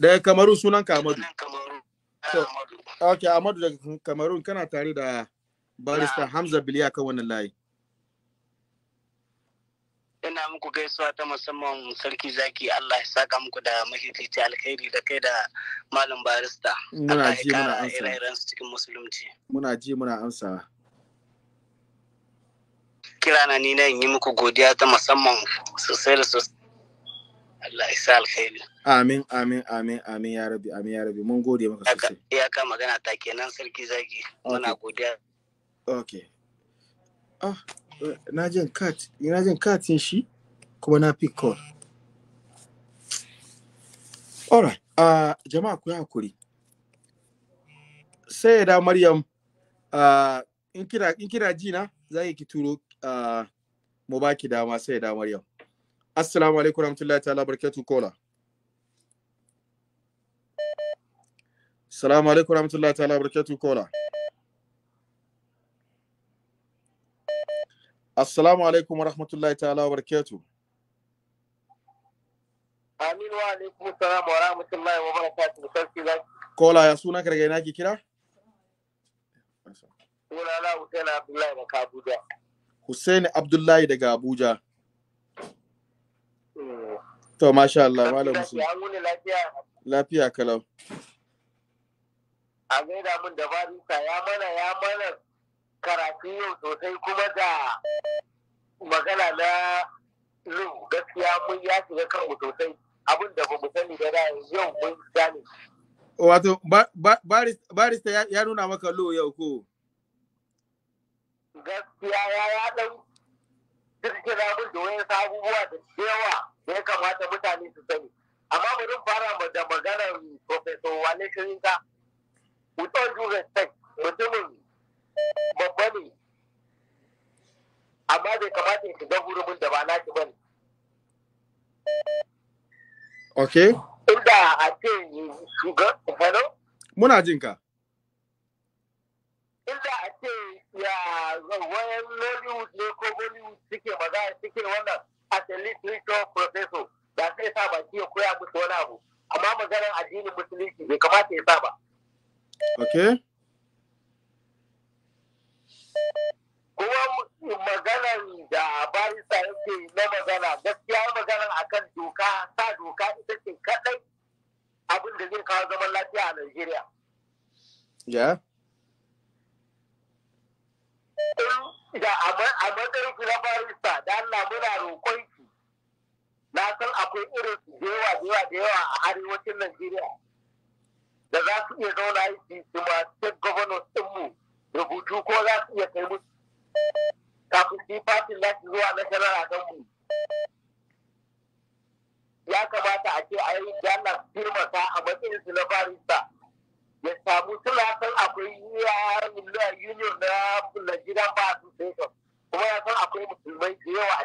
daga kamaru sunan ka amadu so, ok amadu daga kamarun kana tare da barista hamza biliya kan wannan layi ina muku gaisuwa ta musamman sarki zaki Allah ya saka muku da mahifici alkhairi da kai da malam barista. Muna ji muna amsa. Muna ji muna amsa. kira na ni na yi muku godiya ta musamman sosai da sosai Allah isa alkhairi amin amin amin amin ya rabi amin ya rabi mun gode maka sosai Ya ka magana ta kenan sarki zagi, muna godiya okay ah na jin kat na jin katin shi kuma na pick call alright uh, ah, jama'a ku yi hakuri sai da maryam uh, in kira in kira ji za ki turo mu baki dama sai da Maryam. Assalamu alaikum warahmatullahi ta'ala barkatu kola. Assalamu alaikum warahmatullahi ta'ala barkatu kola. Assalamu alaikum warahmatullahi ta'ala barkatu. Amin wa alaikum salam wa rahmatullahi wa barakatuhu sarki zaki. Kola ya suna karga ina ki kira? Sunana Hussein Abdullahi da Hussaini Abdullahi daga Abuja. Hmm. To, masha Allah, Malam su. Lafiya kalau. A gaida mun da baruka ya mana ya mana karatu yau sosai kuma da magana na lu gaskiya mun ya shiga kanmu sosai abin da ba mu sani da da yau mun gane. Wato, barista ya nuna maka lu yau ko? gaskiya ya ya dan kirkira mun da wayan abubuwa da yawa da ya kamata mutane su sani amma bari fara da maganar professor wale kirinka with all due respect mutumin babba ne amma bai kamata ya shiga hurumin da ba nashi bane okay inda a ce shugaban hello muna jinka inda a ce ya wayan nollywood ne ko bollywood suke maza suke wannan asali spiritual professor da sai sa baki ya koya musu wani abu amma maganar addinin musulunci bai kamata ya saba. ba okay kuma maganar da barista yake na magana gaskiya maganar akan doka sa doka ita ce kadai abin da zai kawo zaman lafiya a Najeriya. Yeah. da a matsayin ku na barista da Allah muna roƙon ki na san akwai irin su da yawa da yawa a arewacin Najeriya da za su iya zauna yi su ma state governors ɗinmu rubutu ko za su iya kai musu kafin su yi fatin za zuwa na shara'a mu ya kamata a ce a yi jana firmasa a matsayin su na barista ya samu tulasan akwai union na Nigerian Bar Association kuma ya san akwai musulmai da yawa a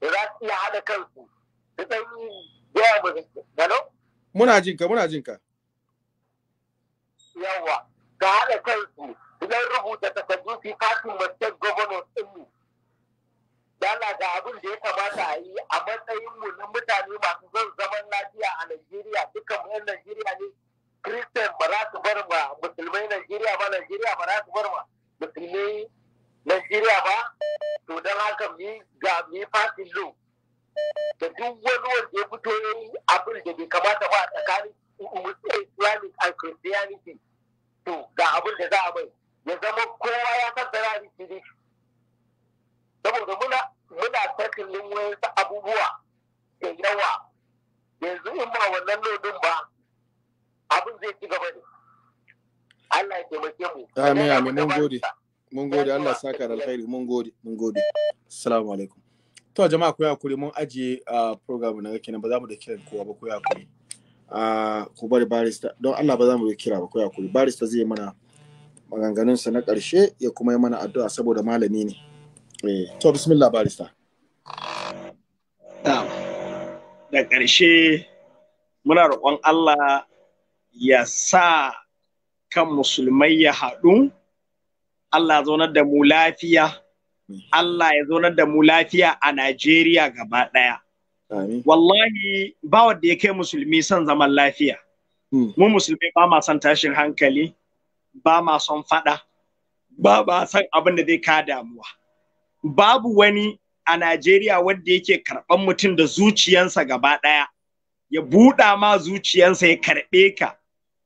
da za su iya haɗa kansu da ɗan yawa musulmai. Muna jinka, muna jinka. Yawa, ka haɗa kansu su ɗan rubuta takardu fi fatin masjid gwamnan ɗinmu. Yana ga abin da ya kamata a yi a matsayinmu na mutane masu zan zaman lafiya a Najeriya, dukkan 'yan Najeriya ne Christian ba za su bar ma musulmai Najeriya ba Najeriya ba za su bar ma musulmai Najeriya ba to don haka mi ga mi fasin lo da duk wani wanda ya fito ya yi abin da bai kamata ba a tsakanin Islamic and Christianity to ga abin da za a mai ya zama kowa ya san da rari saboda muna muna tattalin wayansu abubuwa da yawa yanzu in ba wannan lodin ba abin zai ci gaba ne Allah ya taimake mu amin amin mun gode mun gode Allah saka da alkhairi mun gode mun gode assalamu alaikum to jama'a ku hakuri mun ajiye a program na kenan ba za mu da kiran kowa ba ku hakuri a ku bari barista don Allah ba za mu kira ba ku hakuri barista zai mana maganganun sa na karshe ya kuma yi mana addu'a saboda malami ne eh to bismillah barista da karshe muna roƙon Allah ya sa kan musulmai ya haɗu Allah ya zaunar da mu lafiya Allah ya zaunar da mu lafiya a Najeriya gaba ɗaya. Wallahi ba wadda ya kai musulmi son zaman lafiya. Hmm. Mu musulmi ba ma son tashin hankali, ba ma son faɗa, ba ma son abin da zai ka damuwa. Babu wani a Najeriya wanda yake karɓan mutum da zuciyansa gaba ɗaya, ya buɗa ma zuciyansa ya karɓe ka,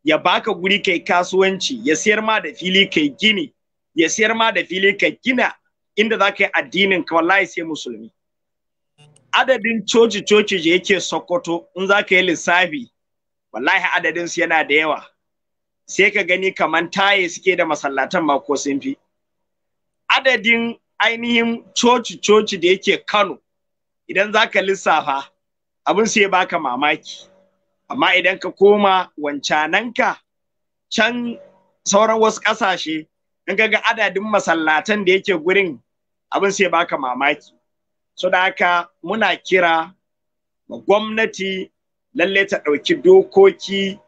ya baka guri kai kasuwanci ya siyar ma da fili kai gini ya siyar ma da fili kai gina inda za ka yi addinin ka wallahi sai musulmi adadin coci coci da yake sokoto in za ka yi lissafi wallahi adadin su yana da yawa sai ka gani kaman taye suke da masallatan ma ko sun fi adadin ainihin coci coci da yake kano idan za ka lissafa abin sai baka mamaki amma idan ka koma wancananka can sauran wasu ƙasashe in ka ga adadin masallatan da yake gurin abin sai baka mamaki so da haka muna kira ma gwamnati lalle ta ɗauki dokoki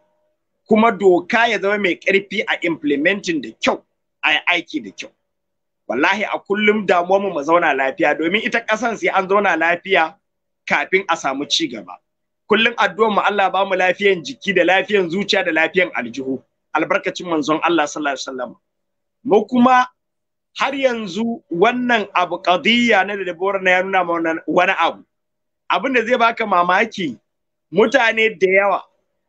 kuma doka ya zama mai ƙarfi a implementing da kyau a aiki da kyau wallahi a kullum damuwa mu zauna lafiya domin ita ƙasan sai an zauna lafiya kafin a samu ci gaba kullum addu'ar mu Allah ba mu lafiyan jiki da lafiyan zuciya da lafiyan aljihu albarkacin manzon Allah sallallahu alaihi wasallam mu kuma har yanzu wannan abu qadiyya na da na ya nuna mana wani abu abin da zai baka mamaki mutane da yawa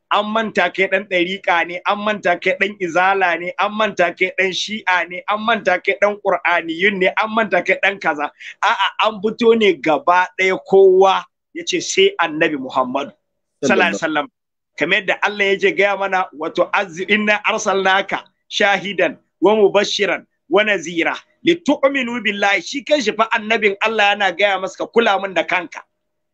an manta kai dan dariqa ne an manta kai dan izala ne an manta kai dan shi'a ne an manta kai dan qur'aniyun ne an manta kai dan kaza a'a an fito ne gaba ɗaya kowa ya ce sai annabi Muhammadu sallallahu alaihi kamar yadda Allah ya je gaya mana wato inna arsalnaka shahidan wa mubashiran wa nazira litu'minu billahi shi kanshi fa annabin Allah yana gaya masa kula min da kanka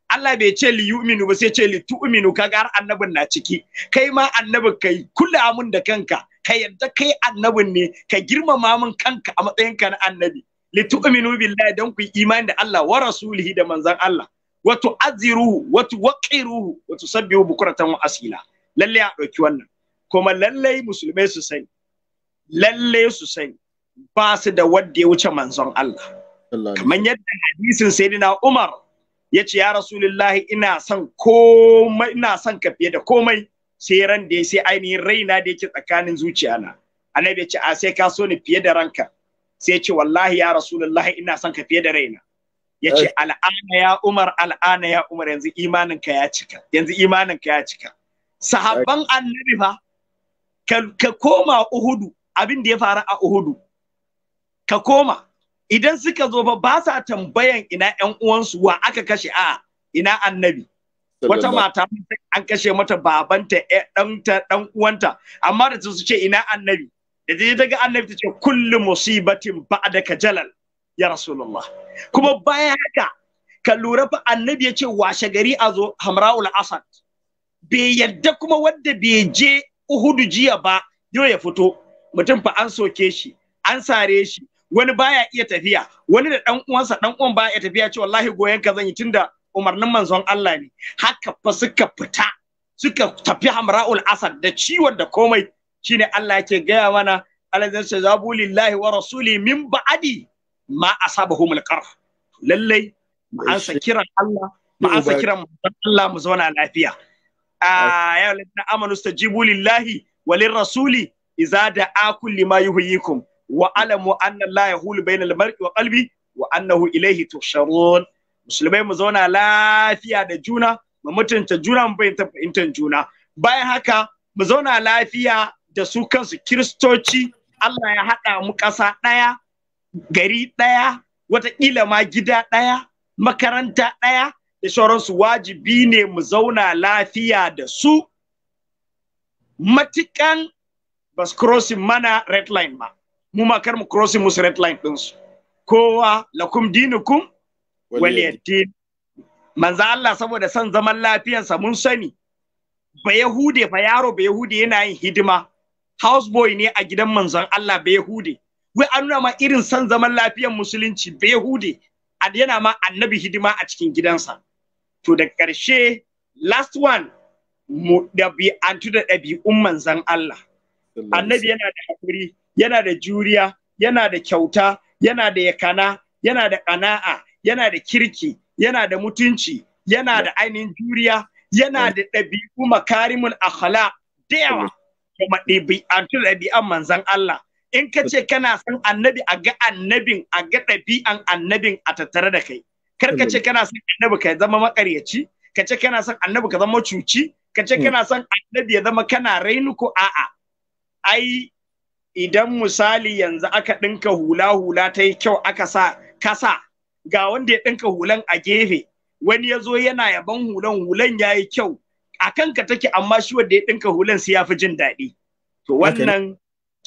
Allah bai ce li yu'minu ba sai ce li tu'minu kaga har annabin na ciki kai ma annabin kai kula mun da kanka ka yarda kai annabin ne ka girmama mun kanka a matsayin ka na annabi li tu'minu billahi dan ku imani da Allah wa rasulihi da manzon Allah wa tu'azziruhu wa tuwaqqiruhu wa tusabbihu bukratan wa asila lalle a dauki wannan kuma lalle musulmai su sani lalle su sani ba su da wadda ya wuce manzon Allah Kaman yadda hadisin sayyidina Umar ya ce ya rasulullahi ina son komai ina son ka fiye da komai sai ran da sai ainihin raina da yake tsakanin na. annabi ya ce a sai ka so ni fiye da ranka sai ya ce wallahi ya rasulullahi ina son ka fiye da raina ya ce eh. al'ana ya umar al'ana ya umar yanzu imaninka ya cika yanzu imaninka ya cika sahabban annabi fa ka koma uhudu abin da ya faru a uhudu ka koma idan suka zo fa ba sa tambayan ina ƴan uwansu wa aka kashe a ina annabi wata mata an kashe mata babanta ta dan uwanta amma da su ce ina annabi da ta ga annabi ta ce kullu musibatin ba'da jalal ya rasulullah kuma bayan haka ka lura fa annabi ya ce washe gari a zo hamra'ul asad bai yadda kuma wanda bai je uhudu jiya ba yau ya fito mutum fa an soke shi an sare shi wani baya iya tafiya wani da dan uwansa dan uwan baya iya tafiya ce wallahi goyen ka zan yi tunda umarnin manzon Allah ne haka fa suka fita suka tafi hamra'ul asad da ciwon da komai shine Allah yake gaya mana alazin sa zabulillahi wa rasuli min ba'adi ma asabahum alqarh lallai mu ansa kiran Allah mu ansa kiran Allah mu zauna lafiya ya ladina amanu stajibu lillahi walin rasuli idza da'akum lima yuhyikum wa alamu anna la yahulu bainal mar'i wa qalbi wa annahu ilayhi tuhsharun musulmai mu zauna lafiya da juna mu mutunta juna mu fahimtar juna bayan haka mu zauna lafiya da su kansu kiristoci Allah ya haɗa mu ƙasa ɗaya gari ɗaya watakila ma gida ɗaya makaranta ɗaya da sauransu wajibi ne mu zauna lafiya da su matikan ba su crossing mana red line ba mu ma kar mu crossing musu red line ɗinsu kowa lakum dinukum waliyaddin manzo Allah saboda son zaman lafiyarsa mun sani ba Yahude ba yaro ba Yahude yana yin hidima houseboy ne a gidan manzon Allah ba Yahude wai an nuna ma irin san zaman lafiyar musulunci behude yana ma annabi hidima a cikin gidansa to da ƙarshe last one mu ɗabi'antu da ɗabi'un manzan Allah annabi yana da haƙuri yana da juriya yana da kyauta yana da yakana yana da ƙana'a yana da kirki yana da mutunci yana da ainihin juriya yana da ɗabi'u makarimul akhlaq da yawa kuma ɗabi'antu da ɗabi'an manzan Allah in ka ce kana son annabi a ga annabin a ga ɗabi'an annabin a tattare da kai kar ka ce kana son annabi ka zama makaryaci ka ce kana son annabi ka zama cuci ka ce hmm. kana son annabi ya zama kana rainuku a'a ai idan misali yanzu aka ɗinka hula hula ta yi kyau aka sa kasa ga wanda ya ɗinka hulan a gefe wani ya zo yana yaban hulan hulan ya yi kyau a kanka take amma shi wanda ya ɗinka hulan sai ya fi jin daɗi to wannan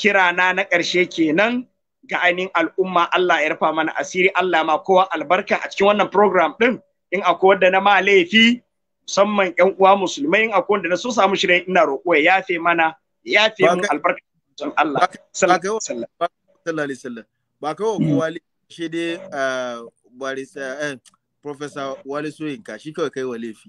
kirana na ƙarshe kenan ga ainihin al'umma Allah ya rufa mana asiri Allah ma kowa albarka a cikin wannan program din in akwai wanda na ma laifi musamman ƴan uwa musulmai in akwai wanda na so samu shirin ina roƙo ya yafe mana ya yafe mun albarka don Allah sallallahu alaihi wasallam ba kai wa kowa shi dai ah, eh, professor Wale Soyinka shi kawai kai wa laifi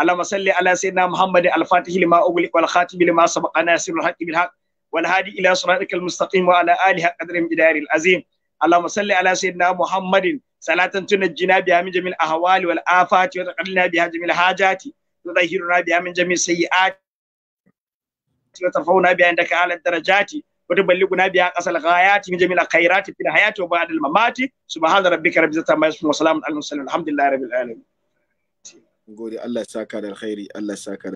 اللهم صل على سيدنا محمد الفاتح لما أغلق والخاتم لما سبق ناصر الحق بالحق والهادي إلى صراطك المستقيم وعلى آله قدر مقدار العظيم اللهم صل على سيدنا محمد صلاة تنجينا بها من جميع الأهوال والآفات وتقلنا بها جميع الحاجات وتطهرنا بها من جميع السيئات وترفعنا بها عندك أعلى الدرجات وتبلغنا بها اقصى الغايات من جميع الخيرات في الحياة وبعد الممات سبحان ربك رب العزة عما يصفون وسلام على المرسلين الحمد لله رب العالمين gode Allah ya saka da alkhairi Allah ya saka